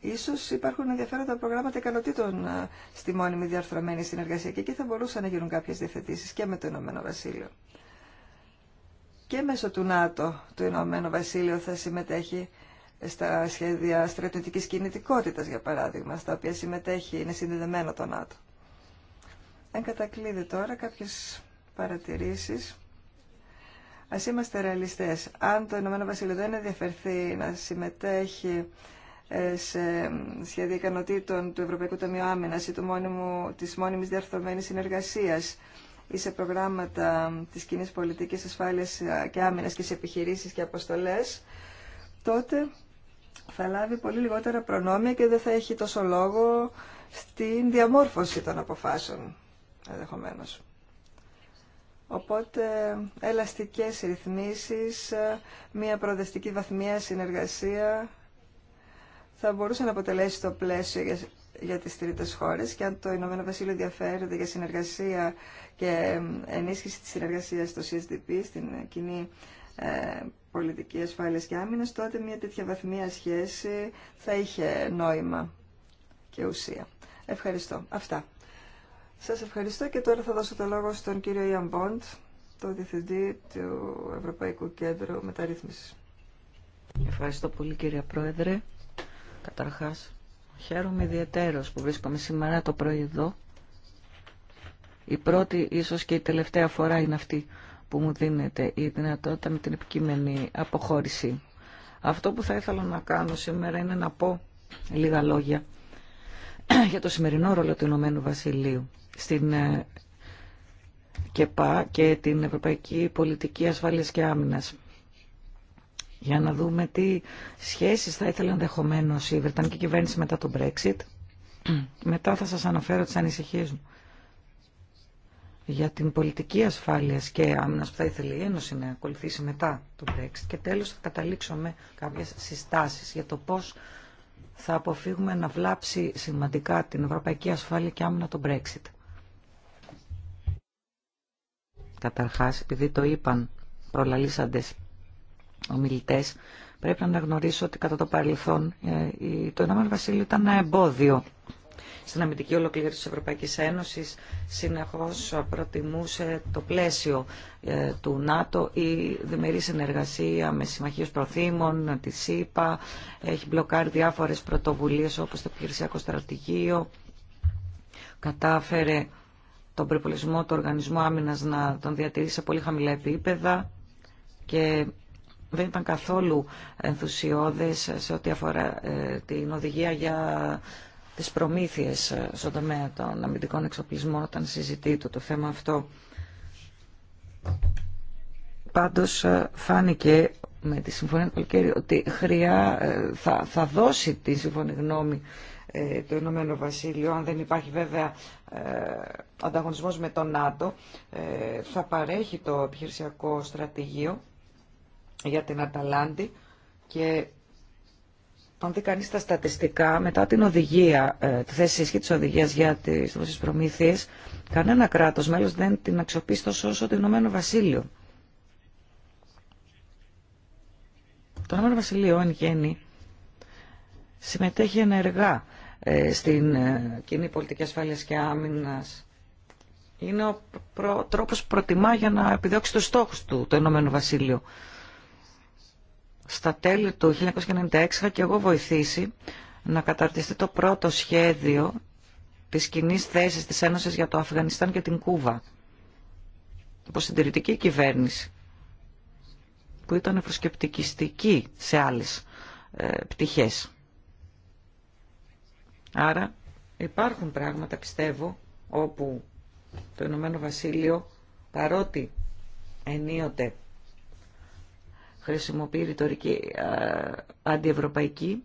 ίσω υπάρχουν ενδιαφέροντα προγράμματα ικανοτήτων ε, στη μόνιμη διαρθρωμένη συνεργασία και εκεί θα μπορούσαν να γίνουν κάποιε διευθετήσει και με το Ηνωμένο Βασίλειο. Και μέσω του ΝΑΤΟ το Ηνωμένο Βασίλειο θα συμμετέχει στα σχέδια στρατιωτική κινητικότητα, για παράδειγμα, στα οποία συμμετέχει, είναι συνδεδεμένο το ΝΑΤΟ. Εν κατακλείδη τώρα κάποιε παρατηρήσεις. Α είμαστε ρεαλιστέ. Αν το Ηνωμένο δεν ενδιαφερθεί να συμμετέχει ε, σε σχέδια ικανοτήτων του Ευρωπαϊκού Ταμείου Άμυνα ή τη μόνιμη διαρθρωμένη συνεργασία ή σε προγράμματα της κοινή πολιτική ασφάλειας και Άμυνα και σε επιχειρήσεις και αποστολέ, τότε θα λάβει πολύ λιγότερα προνόμια και δεν θα έχει τόσο λόγο στην διαμόρφωση των αποφάσεων ενδεχομένω. Οπότε ελαστικές ρυθμίσεις, μια προοδεστική βαθμία συνεργασία θα μπορούσε να αποτελέσει το πλαίσιο για, για τις τρίτες χώρες και αν το Ηνωμένο Βασίλειο ενδιαφέρεται για συνεργασία και ενίσχυση της συνεργασίας στο CSDP, στην κοινή ε, πολιτική ασφάλειας και άμυνας, τότε μια τέτοια βαθμία σχέση θα είχε νόημα και ουσία. Ευχαριστώ. Αυτά. Σας ευχαριστώ και τώρα θα δώσω το λόγο στον κύριο Ιαν Μποντ, το Διευθυντή του Ευρωπαϊκού Κέντρου Μεταρρύθμισης. Ευχαριστώ πολύ κύριε Πρόεδρε. Καταρχάς, χαίρομαι ιδιαίτερος που βρίσκομαι σήμερα το πρωί εδώ. Η πρώτη, ίσως και η τελευταία φορά είναι αυτή που μου δίνεται η δυνατότητα με την επικείμενη αποχώρηση. Αυτό που θα ήθελα να κάνω σήμερα είναι να πω λίγα λόγια για το σημερινό ρόλο του Ηνωμένου Βασιλείου στην ε, ΚΕΠΑ και την Ευρωπαϊκή Πολιτική Ασφάλειας και Άμυνας. Για να δούμε τι σχέσεις θα ήθελε ενδεχομένω η Βρετανική κυβέρνηση μετά το Brexit. Μετά θα σας αναφέρω τις ανησυχίες μου για την πολιτική ασφάλεια και άμυνας που θα ήθελε η Ένωση να ακολουθήσει μετά το Brexit και τέλος θα καταλήξω με κάποιες συστάσεις για το πώς θα αποφύγουμε να βλάψει σημαντικά την ευρωπαϊκή ασφάλεια και άμυνα το Brexit. Καταρχά, επειδή το είπαν προλαλήσαντε ομιλητέ, πρέπει να αναγνωρίσω ότι κατά το παρελθόν ε, το Ηνωμένο Βασίλειο ήταν ένα εμπόδιο στην αμυντική ολοκλήρωση της Ευρωπαϊκής Ένωσης συνεχώς προτιμούσε το πλαίσιο ε, του ΝΑΤΟ η δημερή συνεργασία με συμμαχίες προθήμων, τη ΣΥΠΑ, έχει μπλοκάρει διάφορες πρωτοβουλίες όπως το επιχειρησιακό στρατηγείο, κατάφερε τον προπολισμό του Οργανισμού Άμυνας να τον διατηρήσει σε πολύ χαμηλά επίπεδα και δεν ήταν καθόλου ενθουσιώδες σε ό,τι αφορά ε, την οδηγία για τις προμήθειες ε, στον τομέα των αμυντικών εξοπλισμών όταν συζητεί το, το θέμα αυτό. Πάντως ε, φάνηκε με τη Συμφωνία του Καλοκαίρι ότι χρειά ε, θα, θα δώσει τη σύμφωνη γνώμη του το Ηνωμένο Βασίλειο, αν δεν υπάρχει βέβαια ε, ανταγωνισμός με τον ΝΑΤΟ, θα παρέχει το επιχειρησιακό στρατηγείο για την Αταλάντη και αν δει κανεί τα στατιστικά, μετά την οδηγία, ε, τη θέση ισχύ τη οδηγία για τι δημοσίε προμήθειε, κανένα κράτο μέλο δεν την αξιοποιεί τόσο όσο το Ηνωμένο Βασίλειο. Το Ηνωμένο Βασίλειο, εν γέννη, συμμετέχει ενεργά ε, στην ε, κοινή πολιτική ασφάλεια και άμυνα. Είναι ο τρόπος τρόπο που προτιμά για να επιδιώξει του στόχου του το Ηνωμένο Βασίλειο. Στα τέλη του 1996 είχα και εγώ βοηθήσει να καταρτιστεί το πρώτο σχέδιο της κοινή θέση της Ένωσης για το Αφγανιστάν και την Κούβα. Υπό συντηρητική κυβέρνηση που ήταν προσκεπτικιστική σε άλλες ε, πτυχές. Άρα υπάρχουν πράγματα πιστεύω όπου το Ηνωμένο Βασίλειο παρότι ενίοτε χρησιμοποιεί ρητορική ε, αντιευρωπαϊκή,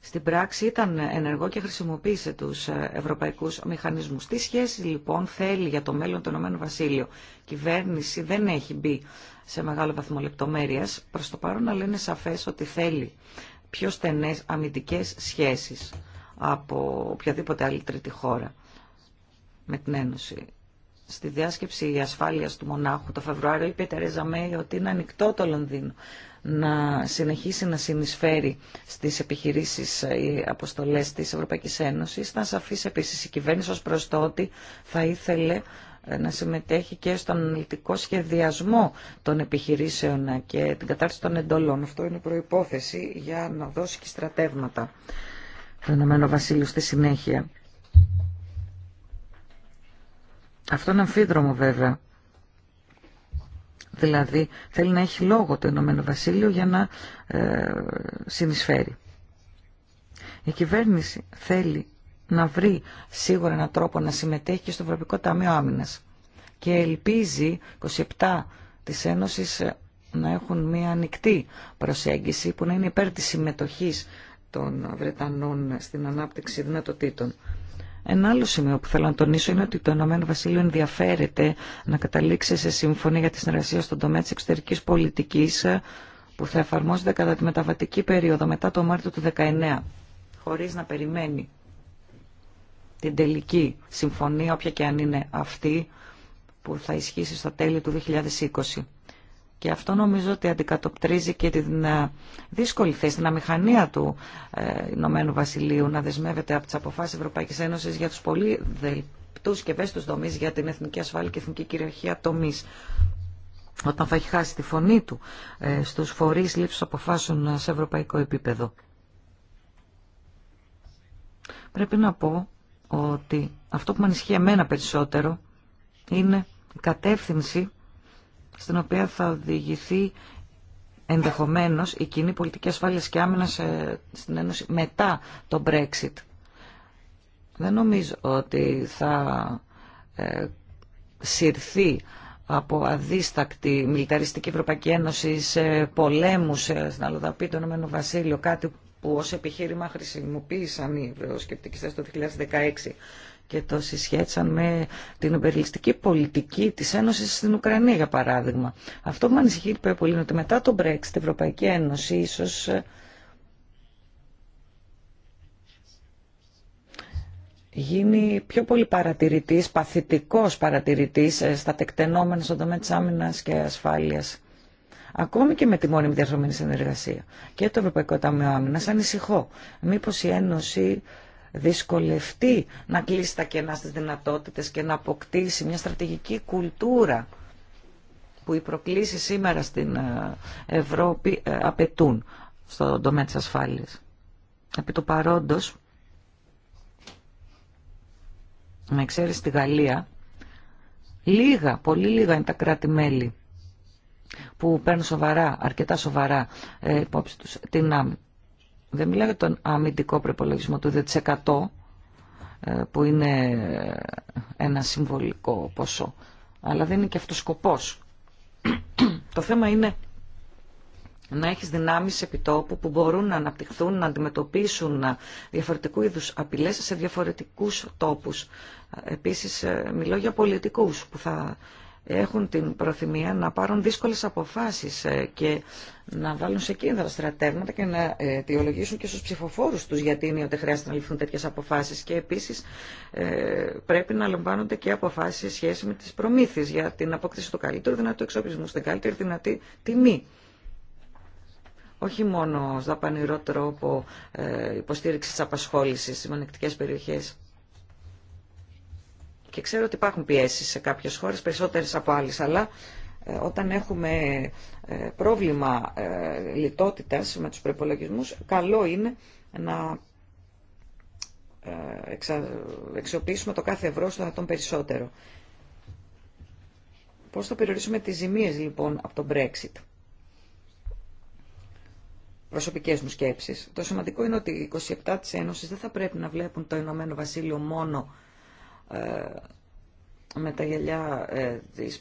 στην πράξη ήταν ενεργό και χρησιμοποίησε τους ε, ευρωπαϊκούς μηχανισμούς. Τι σχέση λοιπόν θέλει για το μέλλον του ΕΒ. Βασίλειο. Η κυβέρνηση δεν έχει μπει σε μεγάλο βαθμό λεπτομέρειας, προς το παρόν αλλά είναι σαφές ότι θέλει πιο στενές αμυντικές σχέσεις από οποιαδήποτε άλλη τρίτη χώρα με την Ένωση στη διάσκεψη ασφάλειας του Μονάχου το Φεβρουάριο είπε η Τερέζα Μέη ότι είναι ανοιχτό το Λονδίνο να συνεχίσει να συνεισφέρει στις επιχειρήσεις ή ε, αποστολές της Ευρωπαϊκής Ένωσης. Ήταν σαφής επίσης η κυβέρνηση ως προς το ότι θα ήθελε ε, να συμμετέχει και στον αναλυτικό σχεδιασμό των επιχειρήσεων και την κατάρτιση των εντολών. Αυτό είναι προϋπόθεση για να δώσει και στρατεύματα. Το Ηνωμένο στη συνέχεια αυτό είναι αμφίδρομο βέβαια. Δηλαδή θέλει να έχει λόγο το Ηνωμένο Βασίλειο για να ε, συνεισφέρει. Η κυβέρνηση θέλει να βρει σίγουρα έναν τρόπο να συμμετέχει στο Ευρωπαϊκό Ταμείο Άμυνας και ελπίζει 27 της Ένωσης ε, να έχουν μια ανοιχτή προσέγγιση που να είναι υπέρ της συμμετοχής των Βρετανών στην ανάπτυξη δυνατοτήτων. Ένα άλλο σημείο που θέλω να τονίσω είναι ότι το Ηνωμένο Βασίλειο ενδιαφέρεται να καταλήξει σε συμφωνία για τη συνεργασία στον τομέα της εξωτερικής πολιτικής ε, που θα εφαρμόζεται κατά τη μεταβατική περίοδο μετά το Μάρτιο του 2019, χωρίς να περιμένει την τελική συμφωνία, όποια και αν είναι αυτή, που θα ισχύσει στα τέλη του 2020. Και αυτό νομίζω ότι αντικατοπτρίζει και την ε, δύσκολη θέση, την αμηχανία του ε, Ηνωμένου Βασιλείου να δεσμεύεται από τι αποφάσει Ευρωπαϊκή Ένωση για του πολύ δελπτού και ευαίσθητου τομεί για την εθνική ασφάλεια και εθνική κυριαρχία τομεί. Όταν θα έχει χάσει τη φωνή του ε, στου φορεί λήψη αποφάσεων σε ευρωπαϊκό επίπεδο. Πρέπει να πω ότι αυτό που με ανισχύει εμένα περισσότερο είναι η κατεύθυνση στην οποία θα οδηγηθεί ενδεχομένως η κοινή πολιτική ασφάλεια και άμυνας ε, στην Ένωση μετά το Brexit. Δεν νομίζω ότι θα ε, συρθεί από αδίστακτη μιλταριστική Ευρωπαϊκή Ένωση σε πολέμους ε, στην Αλλοδαπή, το Ηνωμένο κάτι που ως επιχείρημα χρησιμοποίησαν οι ευρωσκεπτικιστές το 2016 και το συσχέτισαν με την εμπεριληστική πολιτική της Ένωσης στην Ουκρανία, για παράδειγμα. Αυτό που με ανησυχεί λοιπόν πολύ είναι ότι μετά το Brexit, η Ευρωπαϊκή Ένωση ίσως ε, γίνει πιο πολύ παρατηρητής, παθητικός παρατηρητής ε, στα τεκτενόμενα στον τομέα της άμυνας και ασφάλειας. Ακόμη και με τη μόνιμη διαρθρωμένη συνεργασία και το Ευρωπαϊκό Ταμείο Άμυνας ανησυχώ. Μήπως η Ένωση δυσκολευτεί να κλείσει τα κενά στις δυνατότητες και να αποκτήσει μια στρατηγική κουλτούρα που οι προκλήσεις σήμερα στην ε, Ευρώπη ε, απαιτούν στον τομέα της ασφάλειας. Επί το παρόντος, με εξαίρεση τη Γαλλία, λίγα, πολύ λίγα είναι τα κράτη-μέλη που παίρνουν σοβαρά, αρκετά σοβαρά ε, υπόψη τους την άμυνα. Δεν μιλάω για τον αμυντικό προπολογισμό του 2% ε, που είναι ένα συμβολικό ποσό. Αλλά δεν είναι και αυτός σκοπός. Το θέμα είναι να έχεις δυνάμεις επιτόπου που μπορούν να αναπτυχθούν, να αντιμετωπίσουν διαφορετικού είδους απειλές σε διαφορετικούς τόπους. Επίσης ε, μιλώ για πολιτικούς που θα έχουν την προθυμία να πάρουν δύσκολες αποφάσεις ε, και να βάλουν σε κίνδυνα στρατεύματα και να ε, αιτιολογήσουν και στους ψηφοφόρους τους γιατί είναι ότι χρειάζεται να ληφθούν τέτοιες αποφάσεις και επίσης ε, πρέπει να λαμβάνονται και αποφάσεις σε σχέση με τις προμήθειες για την απόκτηση του καλύτερου δυνατού εξοπλισμού στην καλύτερη δυνατή τιμή όχι μόνο στα πανηρό τρόπο υποστήριξης της απασχόλησης στις μονεκτικές περιοχές. Και ξέρω ότι υπάρχουν πιέσεις σε κάποιες χώρε περισσότερες από άλλες, αλλά ε, όταν έχουμε ε, πρόβλημα ε, λιτότητα με τους προπολογισμού, καλό είναι να εξοπλίσουμε το κάθε ευρώ στον τον περισσότερο. Πώς θα περιορίσουμε τις ζημίες λοιπόν από τον Brexit. Προσωπικές μου σκέψεις. Το σημαντικό είναι ότι οι 27 της Ένωσης δεν θα πρέπει να βλέπουν το Ηνωμένο Βασίλειο μόνο ε, με τα γυαλιά ε, της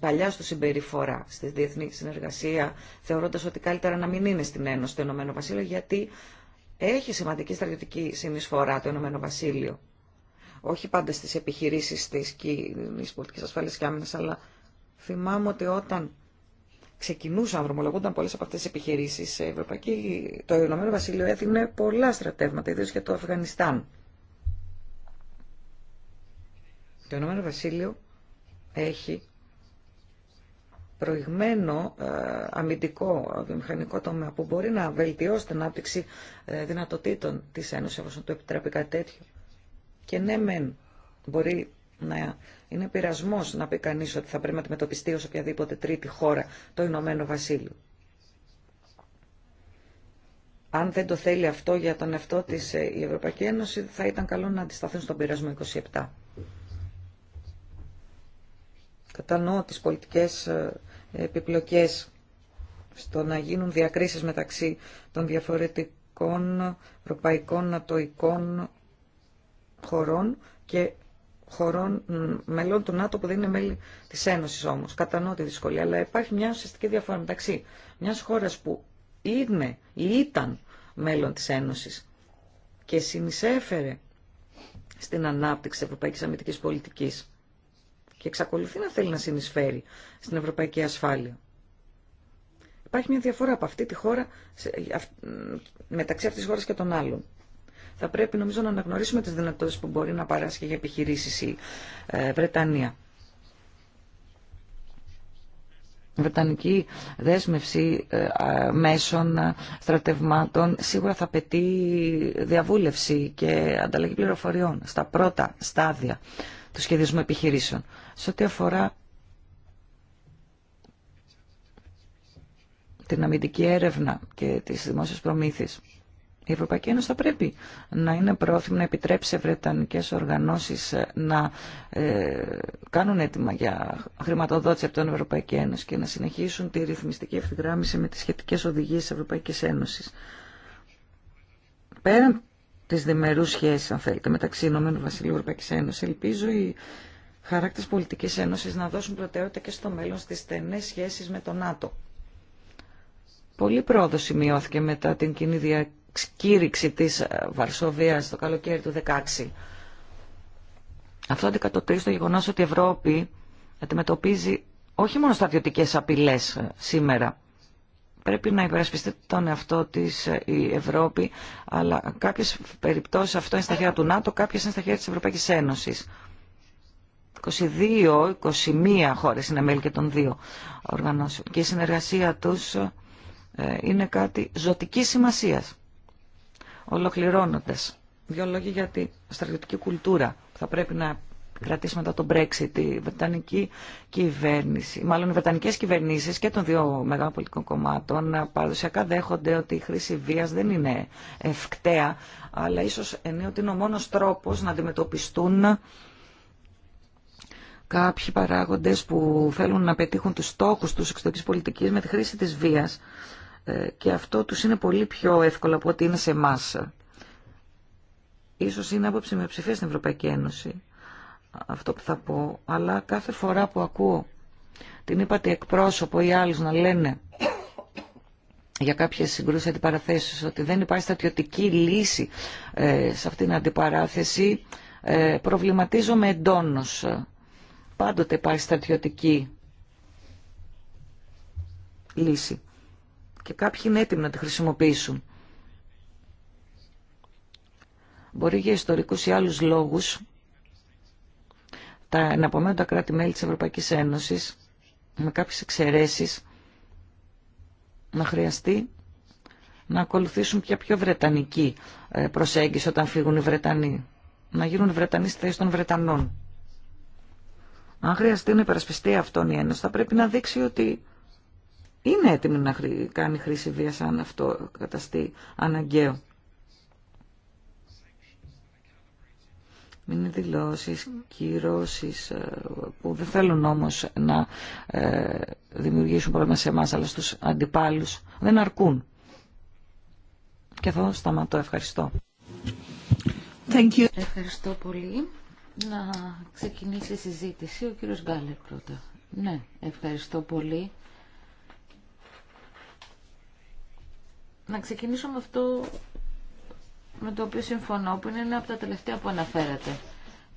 παλιάς του συμπεριφορά στη διεθνή συνεργασία, θεωρώντας ότι καλύτερα να μην είναι στην Ένωση το Ηνωμένο Βασίλειο, γιατί έχει σημαντική στρατιωτική συνεισφορά το Ηνωμένο Βασίλειο. Όχι πάντα στις επιχειρήσεις της πολιτική πολιτικής ασφάλειας και άμυνας, αλλά θυμάμαι ότι όταν ξεκινούσαν, δρομολογούνταν πολλές από αυτές τις επιχειρήσεις, Ευρωπαϊκή, το Ηνωμένο Βασίλειο έδινε πολλά στρατεύματα, ιδίως για το Αφγανιστάν. Το Ηνωμένο Βασίλειο έχει προηγμένο ε, αμυντικό βιομηχανικό τομέα που μπορεί να βελτιώσει την άπτυξη ε, δυνατοτήτων της Ένωσης να του επιτρέπει κάτι τέτοιο. Και ναι μεν μπορεί να είναι πειρασμό να πει κανεί ότι θα πρέπει να αντιμετωπιστεί ως οποιαδήποτε τρίτη χώρα το Ηνωμένο Βασίλειο. Αν δεν το θέλει αυτό για τον εαυτό τη ε, η Ευρωπαϊκή Ένωση, θα ήταν καλό να αντισταθούν στον πειρασμό 27. Κατανοώ τις πολιτικές ε, επιπλοκές στο να γίνουν διακρίσεις μεταξύ των διαφορετικών ευρωπαϊκών, νατοικών χωρών και χωρών μελών του ΝΑΤΟ που δεν είναι μέλη της Ένωσης όμως. Κατανοώ τη δυσκολία, αλλά υπάρχει μια ουσιαστική διαφορά μεταξύ μιας χώρας που είναι ή ήταν μέλον της Ένωσης και συνεισέφερε στην ανάπτυξη της ευρωπαϊκής αμυντικής πολιτικής και εξακολουθεί να θέλει να συνεισφέρει στην ευρωπαϊκή ασφάλεια. Υπάρχει μια διαφορά από αυτή τη χώρα, μεταξύ αυτής της χώρας και των άλλων. Θα πρέπει νομίζω να αναγνωρίσουμε τις δυνατότητες που μπορεί να παράσχει για επιχειρήσεις η ε, Βρετανία. Βρετανική δέσμευση ε, μέσων στρατευμάτων σίγουρα θα απαιτεί διαβούλευση και ανταλλαγή πληροφοριών στα πρώτα στάδια του σχεδιασμού επιχειρήσεων. Σε ό,τι αφορά την αμυντική έρευνα και τις δημόσιες προμήθειες, η Ευρωπαϊκή Ένωση θα πρέπει να είναι πρόθυμη να επιτρέψει σε βρετανικές οργανώσεις ε, να ε, κάνουν έτοιμα για χρηματοδότηση από την Ευρωπαϊκή Ένωση και να συνεχίσουν τη ρυθμιστική ευθυγράμμιση με τις σχετικές οδηγίες της Ευρωπαϊκής Ένωσης. Πέραν τι διμερού σχέσει αν θέλετε, μεταξύ Ηνωμένου Βασιλείου Ευρωπαϊκή Ένωση, Ελπίζω οι χαράκτε πολιτική Ένωση να δώσουν προτεραιότητα και στο μέλλον στι στενέ σχέσει με τον ΝΑΤΟ. Πολύ πρόοδο σημειώθηκε μετά την κοινή διακήρυξη τη Βαρσοβία το καλοκαίρι του 2016. Αυτό αντικατοπτρίζει το γεγονό ότι η Ευρώπη αντιμετωπίζει όχι μόνο στρατιωτικέ απειλέ σήμερα, πρέπει να υπερασπιστεί τον εαυτό της ε, η Ευρώπη, αλλά κάποιε περιπτώσεις αυτό είναι στα χέρια του ΝΑΤΟ, κάποιες είναι στα χέρια της Ευρωπαϊκής Ένωσης. 22, 21 χώρες είναι μέλη και των δύο οργανώσεων και η συνεργασία τους ε, είναι κάτι ζωτικής σημασίας. Ολοκληρώνοντας, δύο λόγια για τη στρατιωτική κουλτούρα που θα πρέπει να κρατήσει μετά τον Brexit η Βρετανική κυβέρνηση. Μάλλον οι Βρετανικέ κυβερνήσει και των δύο μεγάλων πολιτικών κομμάτων ε, παραδοσιακά δέχονται ότι η χρήση βία δεν είναι ευκταία, αλλά ίσω εννοεί ότι είναι ο μόνο τρόπο να αντιμετωπιστούν κάποιοι παράγοντες που θέλουν να πετύχουν τους στόχους τους εξωτερική πολιτική με τη χρήση της βίας ε, και αυτό τους είναι πολύ πιο εύκολο από ότι είναι σε εμά. Ίσως είναι άποψη με ψηφία στην Ευρωπαϊκή Ένωση αυτό που θα πω, αλλά κάθε φορά που ακούω την είπατε εκπρόσωπο ή άλλους να λένε για κάποιες συγκρούσεις αντιπαραθέσεις ότι δεν υπάρχει στατιωτική λύση ε, σε αυτήν την αντιπαράθεση ε, προβληματίζομαι εντόνως. Πάντοτε υπάρχει στατιωτική λύση και κάποιοι είναι έτοιμοι να τη χρησιμοποιήσουν. Μπορεί για ιστορικούς ή άλλους λόγους τα τα κρατη κράτη-μέλη της Ευρωπαϊκής Ένωσης, με κάποιες εξαιρέσεις, να χρειαστεί να ακολουθήσουν πια πιο βρετανική ε, προσέγγιση όταν φύγουν οι Βρετανοί. Να γίνουν Βρετανοί στη θέση των Βρετανών. Αν χρειαστεί να υπερασπιστεί αυτόν η Ένωση, θα πρέπει να δείξει ότι είναι έτοιμη να κάνει χρήση βίας αν αυτό καταστεί αναγκαίο. μην είναι δηλώσεις, κυρώσεις ε, που δεν θέλουν όμως να ε, δημιουργήσουν πρόβλημα σε εμάς αλλά στους αντιπάλους δεν αρκούν. Και εδώ σταματώ. Ευχαριστώ. Thank you. Ευχαριστώ πολύ. Να ξεκινήσει η συζήτηση ο κύριος Γκάλερ πρώτα. Ναι, ευχαριστώ πολύ. Να ξεκινήσω με αυτό με το οποίο συμφωνώ, που είναι ένα από τα τελευταία που αναφέρατε.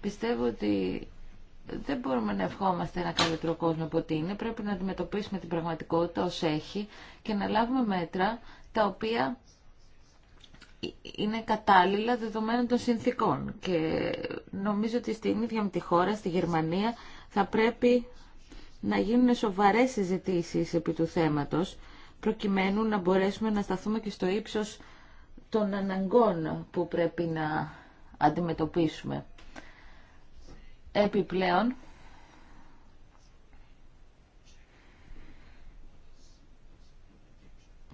Πιστεύω ότι δεν μπορούμε να ευχόμαστε ένα καλύτερο κόσμο από ότι είναι. Πρέπει να αντιμετωπίσουμε την πραγματικότητα ως έχει και να λάβουμε μέτρα τα οποία είναι κατάλληλα δεδομένων των συνθήκων. Και νομίζω ότι στην ίδια με τη χώρα, στη Γερμανία, θα πρέπει να γίνουν σοβαρές συζητήσεις επί του θέματος, προκειμένου να μπορέσουμε να σταθούμε και στο ύψος των αναγκών που πρέπει να αντιμετωπίσουμε. Επιπλέον,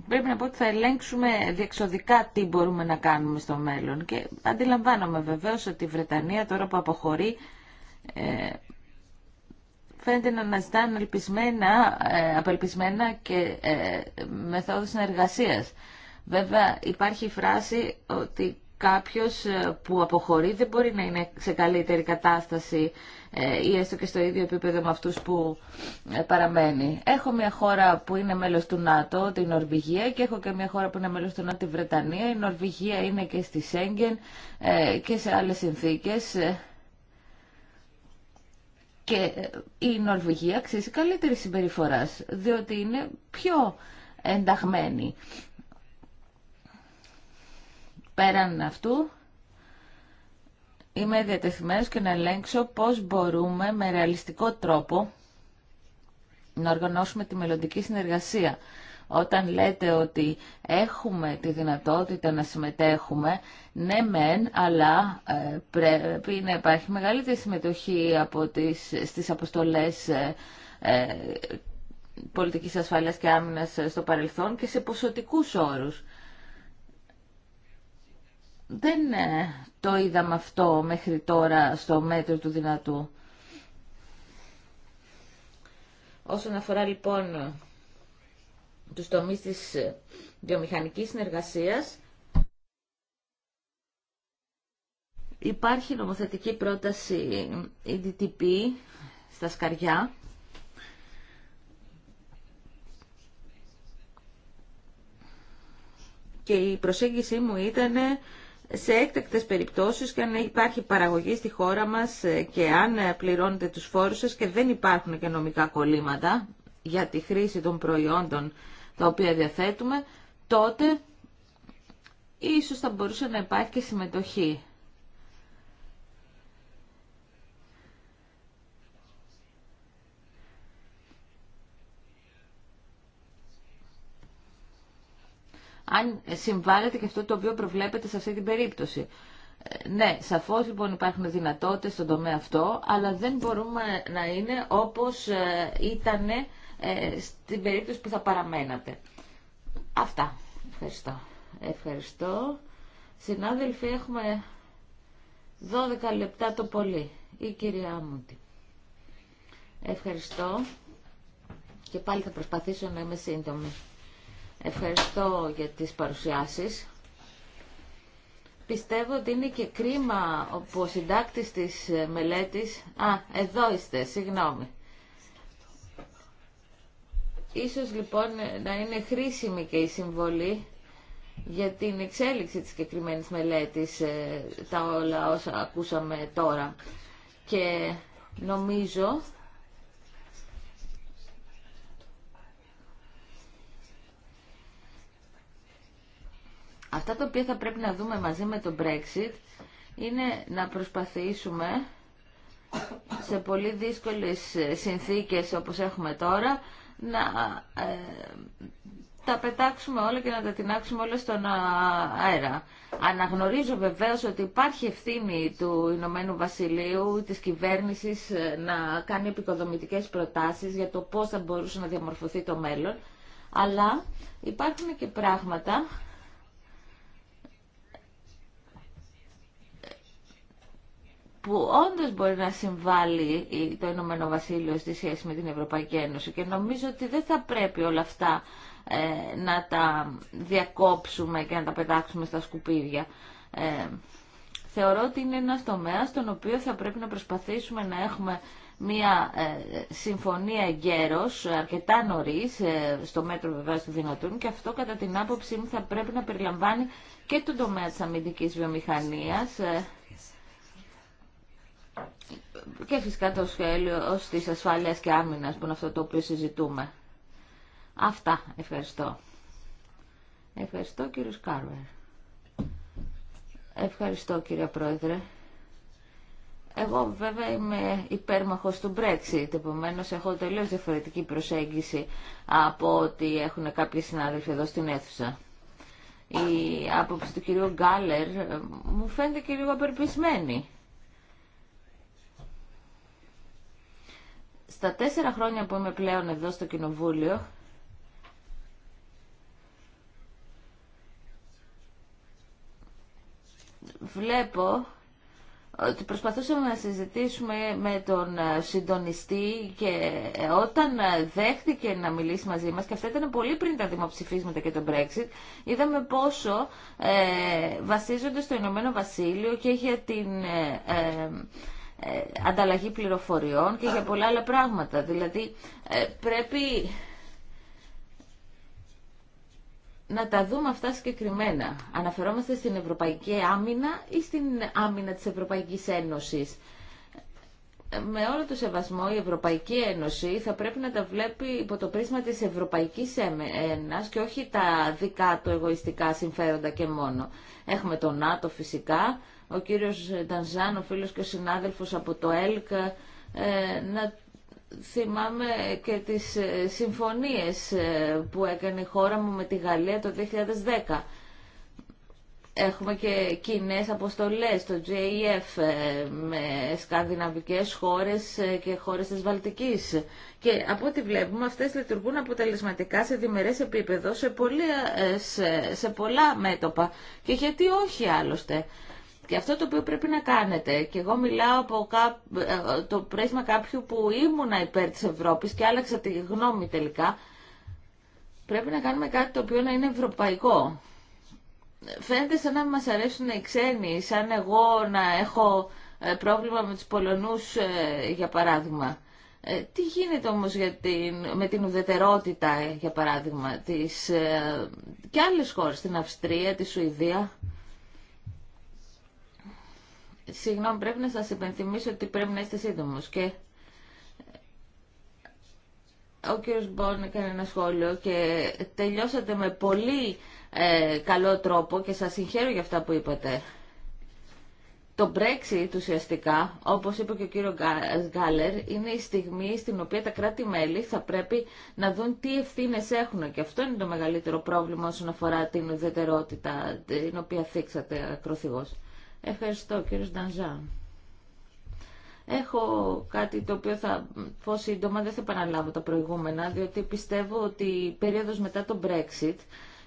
πρέπει να πω ότι θα ελέγξουμε διεξοδικά τι μπορούμε να κάνουμε στο μέλλον. Και αντιλαμβάνομαι βεβαίως ότι η Βρετανία τώρα που αποχωρεί ε, φαίνεται να αναζητάνε ε, απελπισμένα και ε, μεθόδους συνεργασίας. Βέβαια υπάρχει η φράση ότι κάποιος ε, που αποχωρεί δεν μπορεί να είναι σε καλύτερη κατάσταση ε, ή έστω και στο ίδιο επίπεδο με αυτούς που ε, παραμένει. Έχω μια χώρα που είναι μέλος του ΝΑΤΟ, την Νορβηγία, και έχω και μια χώρα που είναι μέλος του ΝΑΤΟ, τη Βρετανία. Η Νορβηγία είναι και στη Σέγγεν και σε άλλες συνθήκες. Και η Νορβηγία αξίζει καλύτερη συμπεριφορά, διότι είναι πιο ενταγμένη. Πέραν αυτού, είμαι διατεθειμένος και να ελέγξω πώς μπορούμε με ρεαλιστικό τρόπο να οργανώσουμε τη μελλοντική συνεργασία. Όταν λέτε ότι έχουμε τη δυνατότητα να συμμετέχουμε, ναι μεν, αλλά ε, πρέπει να υπάρχει μεγαλύτερη συμμετοχή από τις, στις αποστολές ε, ε, πολιτικής ασφάλειας και άμυνας στο παρελθόν και σε ποσοτικούς όρους. Δεν ε, το είδαμε αυτό μέχρι τώρα στο μέτρο του δυνατού. Όσον αφορά λοιπόν τους τομείς της βιομηχανικής συνεργασίας, υπάρχει νομοθετική πρόταση EDTP στα σκαριά. Και η προσέγγιση μου ήταν σε έκτακτες περιπτώσεις και αν υπάρχει παραγωγή στη χώρα μας και αν πληρώνετε τους φόρους σας και δεν υπάρχουν και νομικά κολλήματα για τη χρήση των προϊόντων τα οποία διαθέτουμε, τότε ίσως θα μπορούσε να υπάρχει και συμμετοχή αν συμβάλλεται και αυτό το οποίο προβλέπεται σε αυτή την περίπτωση. Ε, ναι, σαφώς λοιπόν υπάρχουν δυνατότητες στον τομέα αυτό, αλλά δεν μπορούμε να είναι όπως ε, ήταν ε, στην περίπτωση που θα παραμένατε. Αυτά. Ευχαριστώ. Ευχαριστώ. Συνάδελφοι, έχουμε 12 λεπτά το πολύ. Η κυρία Μούντι. Ευχαριστώ. Και πάλι θα προσπαθήσω να είμαι σύντομη. Ευχαριστώ για τις παρουσιάσεις. Πιστεύω ότι είναι και κρίμα που ο συντάκτης της μελέτης... Α, εδώ είστε, συγγνώμη. Ίσως λοιπόν να είναι χρήσιμη και η συμβολή για την εξέλιξη της συγκεκριμένη μελέτης ε, τα όλα όσα ακούσαμε τώρα. Και νομίζω Αυτά τα οποία θα πρέπει να δούμε μαζί με το Brexit είναι να προσπαθήσουμε σε πολύ δύσκολες συνθήκες όπως έχουμε τώρα να ε, τα πετάξουμε όλα και να τα τεινάξουμε όλα στον αέρα. Αναγνωρίζω βεβαίως ότι υπάρχει ευθύνη του Ηνωμένου Βασιλείου, της κυβέρνησης ε, να κάνει επικοδομητικές προτάσεις για το πώς θα μπορούσε να διαμορφωθεί το μέλλον, αλλά υπάρχουν και πράγματα που όντως μπορεί να συμβάλλει το Ηνωμένο Βασίλειο στη σχέση με την Ευρωπαϊκή Ένωση και νομίζω ότι δεν θα πρέπει όλα αυτά ε, να τα διακόψουμε και να τα πετάξουμε στα σκουπίδια. Ε, θεωρώ ότι είναι ένας τομέας στον οποίο θα πρέπει να προσπαθήσουμε να έχουμε μια ε, συμφωνία γέρος αρκετά νωρίς, στο μέτρο βεβαίω του δυνατούν και αυτό κατά την άποψή μου θα πρέπει να περιλαμβάνει και τον τομέα της αμυντικής βιομηχανίας και φυσικά το σχέδιο της ασφάλειας και άμυνας που είναι αυτό το οποίο συζητούμε. Αυτά. Ευχαριστώ. Ευχαριστώ κύριο Κάρβερ. Ευχαριστώ κύριε Πρόεδρε. Εγώ βέβαια είμαι υπέρμαχος του Brexit, επομένως έχω τελείως διαφορετική προσέγγιση από ό,τι έχουν κάποιοι συνάδελφοι εδώ στην αίθουσα. Η άποψη του κυρίου Γκάλερ ε, μου φαίνεται και λίγο απερπισμένη. Στα τέσσερα χρόνια που είμαι πλέον εδώ στο Κοινοβούλιο, βλέπω ότι προσπαθούσαμε να συζητήσουμε με τον συντονιστή και όταν δέχτηκε να μιλήσει μαζί μας, και αυτά ήταν πολύ πριν τα δημοψηφίσματα και το Brexit, είδαμε πόσο ε, βασίζονται στο Ηνωμένο Βασίλειο και για την... Ε, ε, ε, ανταλλαγή πληροφοριών και για πολλά άλλα πράγματα. Δηλαδή ε, πρέπει να τα δούμε αυτά συγκεκριμένα. Αναφερόμαστε στην Ευρωπαϊκή Άμυνα ή στην Άμυνα της Ευρωπαϊκής Ένωσης. Με όλο το σεβασμό η Ευρωπαϊκή Ένωση θα πρέπει να τα βλέπει υπό το πρίσμα της Ευρωπαϊκής Ένας και όχι τα δικά του εγωιστικά συμφέροντα και μόνο. Έχουμε το ΝΑΤΟ φυσικά, ο κύριος Ντανζάν, ο φίλος και ο συνάδελφος από το ΕΛΚ, ε, να θυμάμαι και τις ε, συμφωνίες ε, που έκανε η χώρα μου με τη Γαλλία το 2010. Έχουμε και κοινέ αποστολές, το JEF, με σκανδιναβικές χώρες και χώρες της Βαλτικής. Και από ό,τι βλέπουμε, αυτές λειτουργούν αποτελεσματικά σε διμερές επίπεδο, σε, πολλές, σε πολλά μέτωπα. Και γιατί όχι άλλωστε. Και αυτό το οποίο πρέπει να κάνετε, και εγώ μιλάω από ε, το πρέσμα κάποιου που ήμουνα υπέρ της Ευρώπης και άλλαξα τη γνώμη τελικά, πρέπει να κάνουμε κάτι το οποίο να είναι ευρωπαϊκό. Φαίνεται σαν να μας αρέσουν οι ξένοι, σαν εγώ να έχω ε, πρόβλημα με τους Πολωνούς, ε, για παράδειγμα. Τι γίνεται όμως για την, με την ουδετερότητα, για παράδειγμα, της, και άλλες χώρες, την Αυστρία, τη Σουηδία. Συγγνώμη, πρέπει να σας υπενθυμίσω ότι πρέπει να είστε σύντομος και ο κύριος Μπόρν έκανε ένα σχόλιο και τελειώσατε με πολύ ε, καλό τρόπο και σας συγχαίρω για αυτά που είπατε. Το Brexit ουσιαστικά, όπως είπε και ο κύριο Γκάλερ, είναι η στιγμή στην οποία τα κράτη-μέλη θα πρέπει να δουν τι ευθύνε έχουν. Και αυτό είναι το μεγαλύτερο πρόβλημα όσον αφορά την ουδετερότητα, την οποία θίξατε ακροθυγώς. Ευχαριστώ κύριε Ντανζά. Έχω κάτι το οποίο θα πω σύντομα, δεν θα επαναλάβω τα προηγούμενα, διότι πιστεύω ότι η περίοδος μετά το Brexit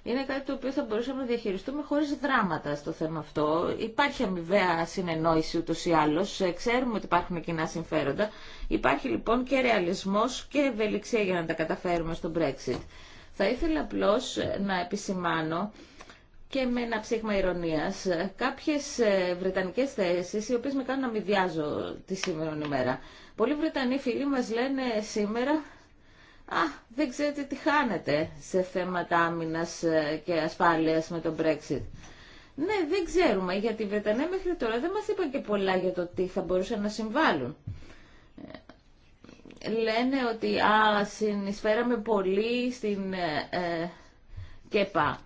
είναι κάτι το οποίο θα μπορούσαμε να διαχειριστούμε χωρίς δράματα στο θέμα αυτό. Υπάρχει αμοιβαία συνεννόηση ούτως ή άλλως, ε, ξέρουμε ότι υπάρχουν κοινά συμφέροντα. Υπάρχει λοιπόν και ρεαλισμός και ευελιξία για να τα καταφέρουμε στο Brexit. Θα ήθελα απλώς να επισημάνω και με ένα ψήγμα ηρωνίας κάποιες ε, βρετανικές θέσεις οι οποίες με κάνουν να μη διάζω τη σήμερα ημέρα. Πολλοί Βρετανοί φίλοι μας λένε σήμερα «Α, δεν ξέρετε τι χάνετε σε θέματα άμυνας ε, και ασφάλειας με τον Brexit». Ναι, δεν ξέρουμε, γιατί οι Βρετανοί μέχρι τώρα δεν μας είπαν και πολλά για το τι θα μπορούσαν να συμβάλλουν ε, λένε ότι α, συνεισφέραμε πολύ στην ΚΕΠΑ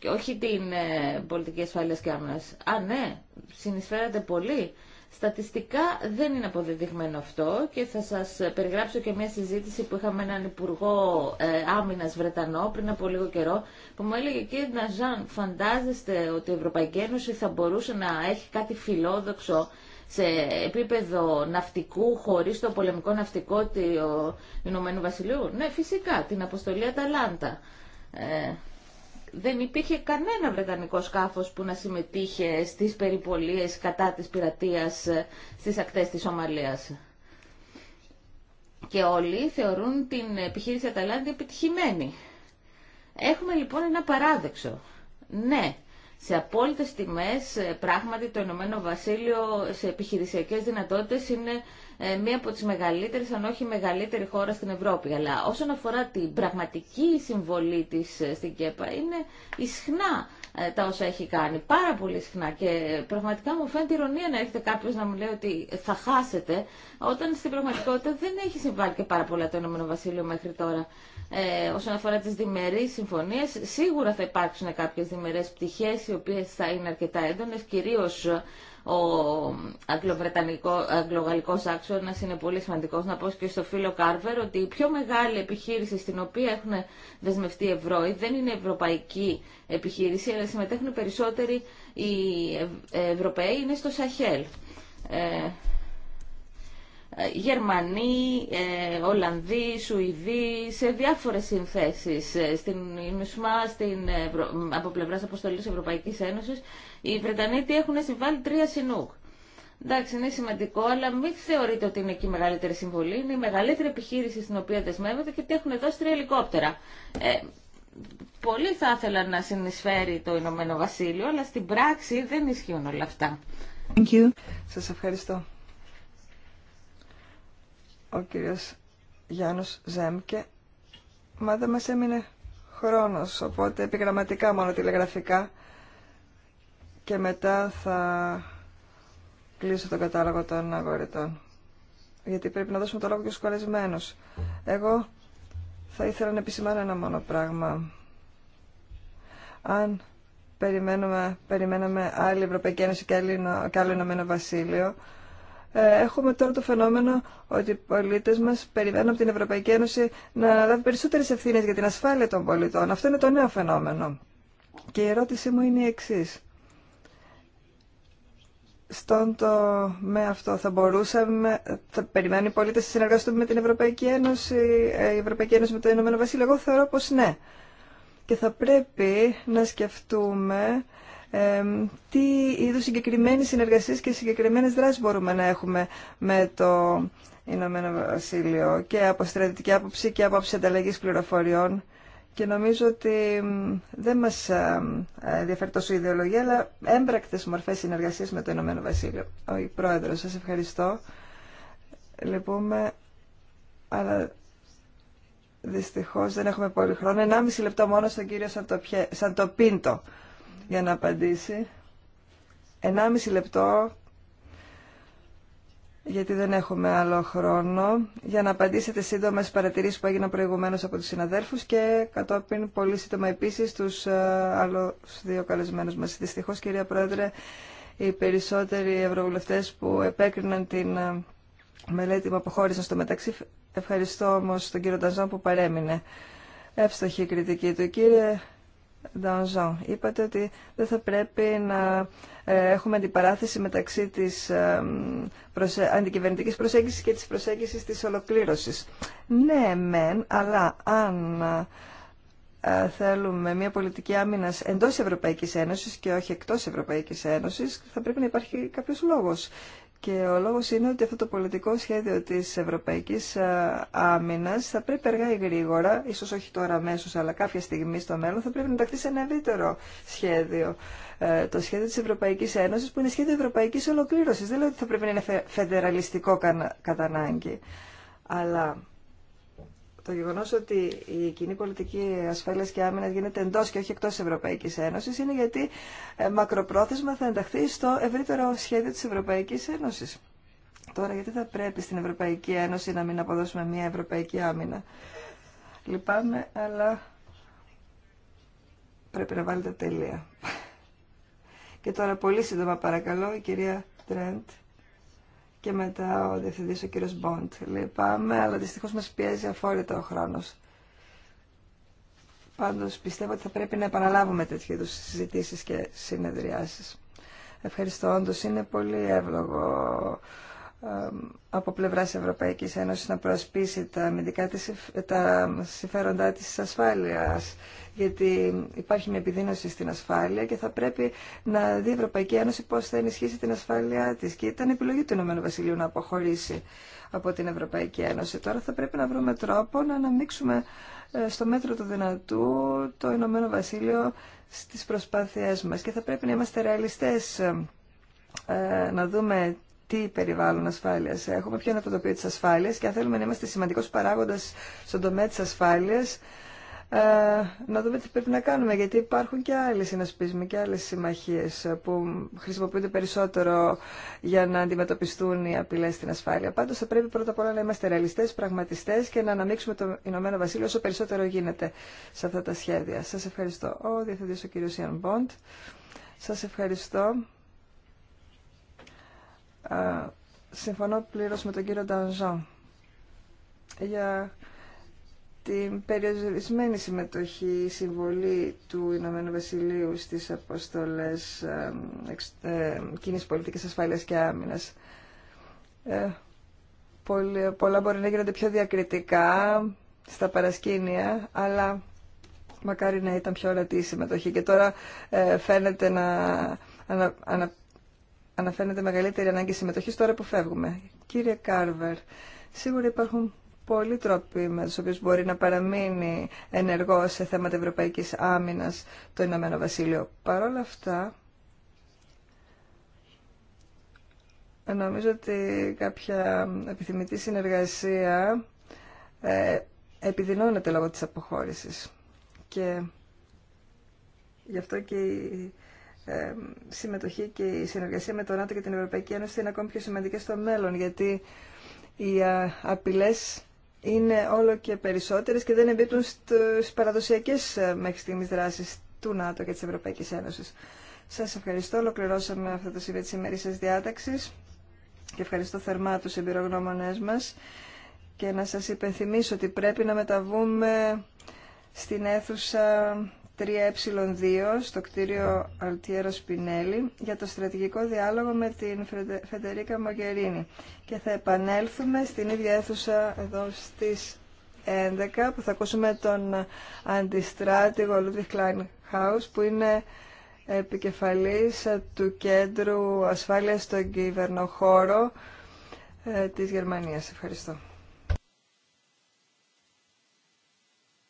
και όχι την ε, πολιτική ασφάλεια και άμυνα. Α, ναι, συνεισφέρατε πολύ. Στατιστικά δεν είναι αποδεδειγμένο αυτό και θα σας περιγράψω και μια συζήτηση που είχαμε έναν Υπουργό ε, Άμυνας Βρετανό πριν από λίγο καιρό που μου έλεγε κύριε Ναζάν φαντάζεστε ότι η Ευρωπαϊκή Ένωση θα μπορούσε να έχει κάτι φιλόδοξο σε επίπεδο ναυτικού χωρίς το πολεμικό ναυτικό του Ηνωμένου Βασιλείου. Ναι φυσικά την αποστολή Αταλάντα. Ε, δεν υπήρχε κανένα βρετανικό σκάφος που να συμμετείχε στις περιπολίες κατά της πειρατείας ε, στις ακτές της Ομαλίας. Και όλοι θεωρούν την επιχείρηση Αταλάντη επιτυχημένη. Έχουμε λοιπόν ένα παράδεξο. Ναι, σε απόλυτε τιμέ, ε, πράγματι το Ηνωμένο Βασίλειο σε επιχειρησιακές δυνατότητες είναι ε, μία από τις μεγαλύτερες, αν όχι μεγαλύτερη χώρα στην Ευρώπη. Αλλά όσον αφορά την πραγματική συμβολή της ε, στην ΚΕΠΑ είναι ισχνά ε, τα όσα έχει κάνει. Πάρα πολύ συχνά και πραγματικά μου φαίνεται ηρωνία να έρχεται κάποιο να μου λέει ότι θα χάσετε, όταν στην πραγματικότητα δεν έχει συμβάλει και πάρα πολλά το Ηνωμένο Βασίλειο μέχρι τώρα. Ε, όσον αφορά τις διμερεί συμφωνίες, σίγουρα θα υπάρξουν κάποιες διμερέ πτυχέ, οι οποίε θα είναι αρκετά έντονε, κυρίω ο αγγλογαλλικό άξονα είναι πολύ σημαντικός. Να πω και στο φίλο Κάρβερ ότι η πιο μεγάλη επιχείρηση στην οποία έχουν δεσμευτεί ευρώ δεν είναι ευρωπαϊκή επιχείρηση, αλλά συμμετέχουν περισσότεροι οι Ευρωπαίοι, είναι στο Σαχέλ. Ε, ε, Γερμανοί, ε, Ολλανδοί, Σουηδοί, σε διάφορες συνθέσεις. Ε, στην ΙΜΣΜΑ, στην, από πλευράς Αποστολής Ευρωπαϊκής Ένωσης, οι Βρετανοί έχουν συμβάλει τρία συνούκ. Εντάξει, είναι σημαντικό, αλλά μην θεωρείτε ότι είναι εκεί η μεγαλύτερη συμβολή. Είναι η μεγαλύτερη επιχείρηση στην οποία δεσμεύεται και τι έχουν δώσει τρία ελικόπτερα. Ε, θα ήθελαν να συνεισφέρει το Ηνωμένο Βασίλειο, αλλά στην πράξη δεν ισχύουν όλα αυτά. Thank you. Σας ευχαριστώ ο κύριος Γιάννος Ζέμκε, μα δεν μας έμεινε χρόνος, οπότε επιγραμματικά μόνο τηλεγραφικά και μετά θα κλείσω τον κατάλογο των αγορετών. Γιατί πρέπει να δώσουμε το λόγο και στους Εγώ θα ήθελα να επισημάνω ένα μόνο πράγμα. Αν περιμένουμε, περιμέναμε άλλη Ευρωπαϊκή Ένωση και άλλο Ηνωμένο Βασίλειο, ε, έχουμε τώρα το φαινόμενο ότι οι πολίτες μας περιμένουν από την Ευρωπαϊκή Ένωση να λάβει περισσότερες ευθύνες για την ασφάλεια των πολιτών. Αυτό είναι το νέο φαινόμενο. Και η ερώτησή μου είναι η εξή. Στον το με αυτό θα μπορούσαμε, θα περιμένουν οι πολίτες να συνεργαστούν με την Ευρωπαϊκή Ένωση, ε, η Ευρωπαϊκή Ένωση με το Ηνωμένο Βασίλειο. Εγώ θεωρώ πως ναι. Και θα πρέπει να σκεφτούμε τι είδους συγκεκριμένες συνεργασίες και συγκεκριμένες δράσεις μπορούμε να έχουμε με το Ηνωμένο Βασίλειο και από στρατητική άποψη και από άποψη ανταλλαγής πληροφοριών και νομίζω ότι δεν μας ενδιαφέρει τόσο η ιδεολογία αλλά έμπρακτες μορφές συνεργασίας με το Ηνωμένο Βασίλειο. Ο Πρόεδρος, σας ευχαριστώ. Λυπούμε, αλλά δυστυχώς δεν έχουμε πολύ χρόνο. 1,5 λεπτό μόνο στον κύριο Σαντοπίντο για να απαντήσει. 1,5 λεπτό, γιατί δεν έχουμε άλλο χρόνο, για να απαντήσετε σύντομες παρατηρήσεις που έγιναν προηγουμένως από τους συναδέρφους και κατόπιν πολύ σύντομα επίσης τους ε, άλλους δύο καλεσμένους μας. Δυστυχώς, κυρία Πρόεδρε, οι περισσότεροι ευρωβουλευτές που επέκριναν την ε, μελέτη μου αποχώρησαν στο μεταξύ. Ευχαριστώ όμως τον κύριο Ταζόν που παρέμεινε. Εύστοχη κριτική του. Κύριε Ντανζόν. Είπατε ότι δεν θα πρέπει να ε, έχουμε αντιπαράθεση μεταξύ της αντικυβερνητικής προσέγγισης και της προσέγγισης της ολοκλήρωσης. Ναι, μεν, αλλά αν ε, θέλουμε μια πολιτική άμυνας εντός Ευρωπαϊκής Ένωσης και όχι εκτός Ευρωπαϊκής Ένωσης, θα πρέπει να υπάρχει κάποιος λόγος. Και ο λόγος είναι ότι αυτό το πολιτικό σχέδιο της Ευρωπαϊκής ε, Άμυνας θα πρέπει αργά ή γρήγορα, ίσως όχι τώρα αμέσω, αλλά κάποια στιγμή στο μέλλον, θα πρέπει να ταχθεί σε ένα ευρύτερο σχέδιο. Ε, το σχέδιο της Ευρωπαϊκής Ένωσης που είναι σχέδιο ευρωπαϊκής ολοκλήρωσης. Δεν λέω ότι θα πρέπει να είναι φεδεραλιστικό κατά ανάγκη. Αλλά το γεγονό ότι η κοινή πολιτική ασφάλεια και άμυνα γίνεται εντό και όχι εκτό Ευρωπαϊκή Ένωση είναι γιατί ε, μακροπρόθεσμα θα ενταχθεί στο ευρύτερο σχέδιο τη Ευρωπαϊκή Ένωση. Τώρα, γιατί θα πρέπει στην Ευρωπαϊκή Ένωση να μην αποδώσουμε μια Ευρωπαϊκή Άμυνα. Λυπάμαι, αλλά πρέπει να βάλετε τελεία. Και τώρα πολύ σύντομα παρακαλώ η κυρία Τρέντ και μετά ο διευθυντή ο κύριο Μποντ. Λυπάμαι, αλλά δυστυχώ μα πιέζει αφόρητα ο χρόνος. Πάντως πιστεύω ότι θα πρέπει να επαναλάβουμε τέτοιου είδου συζητήσεις και συνεδριάσεις. Ευχαριστώ, όντως είναι πολύ εύλογο από πλευράς Ευρωπαϊκής Ένωσης να προσπίσει τα αμυντικά της, τα συμφέροντά της ασφάλειας γιατί υπάρχει μια επιδείνωση στην ασφάλεια και θα πρέπει να δει η Ευρωπαϊκή Ένωση πώς θα ενισχύσει την ασφάλειά της και ήταν επιλογή του Ηνωμένου Βασιλείου να αποχωρήσει από την Ευρωπαϊκή Ένωση. Τώρα θα πρέπει να βρούμε τρόπο να αναμίξουμε ε, στο μέτρο του δυνατού το Ηνωμένο Βασίλειο στις προσπάθειές μας και θα πρέπει να είμαστε ρεαλιστές ε, να δούμε τι περιβάλλον ασφάλεια έχουμε, ποιο είναι το τοπίο τη ασφάλεια και αν θέλουμε να είμαστε σημαντικό παράγοντα στον τομέα τη ασφάλεια, ε, να δούμε τι πρέπει να κάνουμε. Γιατί υπάρχουν και άλλε συνασπισμοί και άλλε συμμαχίε που χρησιμοποιούνται περισσότερο για να αντιμετωπιστούν οι απειλέ στην ασφάλεια. Πάντω θα πρέπει πρώτα απ' όλα να είμαστε ρεαλιστέ, πραγματιστέ και να αναμίξουμε το Ηνωμένο Βασίλειο όσο περισσότερο γίνεται σε αυτά τα σχέδια. Σα ευχαριστώ. Ο Διευθυντή ο κ. Ιαν Μποντ. Σα ευχαριστώ συμφωνώ πλήρω με τον κύριο Ντανζό για την περιορισμένη συμμετοχή, συμβολή του Ηνωμένου Βασιλείου στις αποστολές ε, ε κοινής πολιτικής ασφάλειας και άμυνας. Ε, πολλά μπορεί να γίνονται πιο διακριτικά στα παρασκήνια, αλλά μακάρι να ήταν πιο ορατή η συμμετοχή. Και τώρα ε, φαίνεται να ανα, αναφέρεται μεγαλύτερη ανάγκη συμμετοχή τώρα που φεύγουμε. Κύριε Κάρβερ, σίγουρα υπάρχουν πολλοί τρόποι με του οποίους μπορεί να παραμείνει ενεργό σε θέματα ευρωπαϊκής άμυνας το Ηνωμένο Βασίλειο. Παρ' όλα αυτά, νομίζω ότι κάποια επιθυμητή συνεργασία ε, επιδεινώνεται λόγω της αποχώρησης. Και γι' αυτό και η ε, συμμετοχή και η συνεργασία με τον ΝΑΤΟ και την Ευρωπαϊκή Ένωση είναι ακόμη πιο σημαντικές στο μέλλον, γιατί οι ε, απειλέ είναι όλο και περισσότερες και δεν εμπίπτουν στις παραδοσιακές ε, μέχρι στιγμής δράσεις του ΝΑΤΟ και της Ευρωπαϊκής Ένωσης. Σας ευχαριστώ. Ολοκληρώσαμε αυτό το σημείο της σα διάταξης και ευχαριστώ θερμά τους εμπειρογνώμονές μας και να σας υπενθυμίσω ότι πρέπει να μεταβούμε στην αίθουσα 3Ε2 στο κτίριο Αλτιέρο Σπινέλη για το στρατηγικό διάλογο με την Φεντερίκα Μογκερίνη. Και θα επανέλθουμε στην ίδια αίθουσα εδώ στις 11 που θα ακούσουμε τον αντιστράτηγο Λούδη Κλάιν Χάους που είναι επικεφαλής του Κέντρου Ασφάλειας στον Κυβερνοχώρο ε, της Γερμανίας. Ευχαριστώ.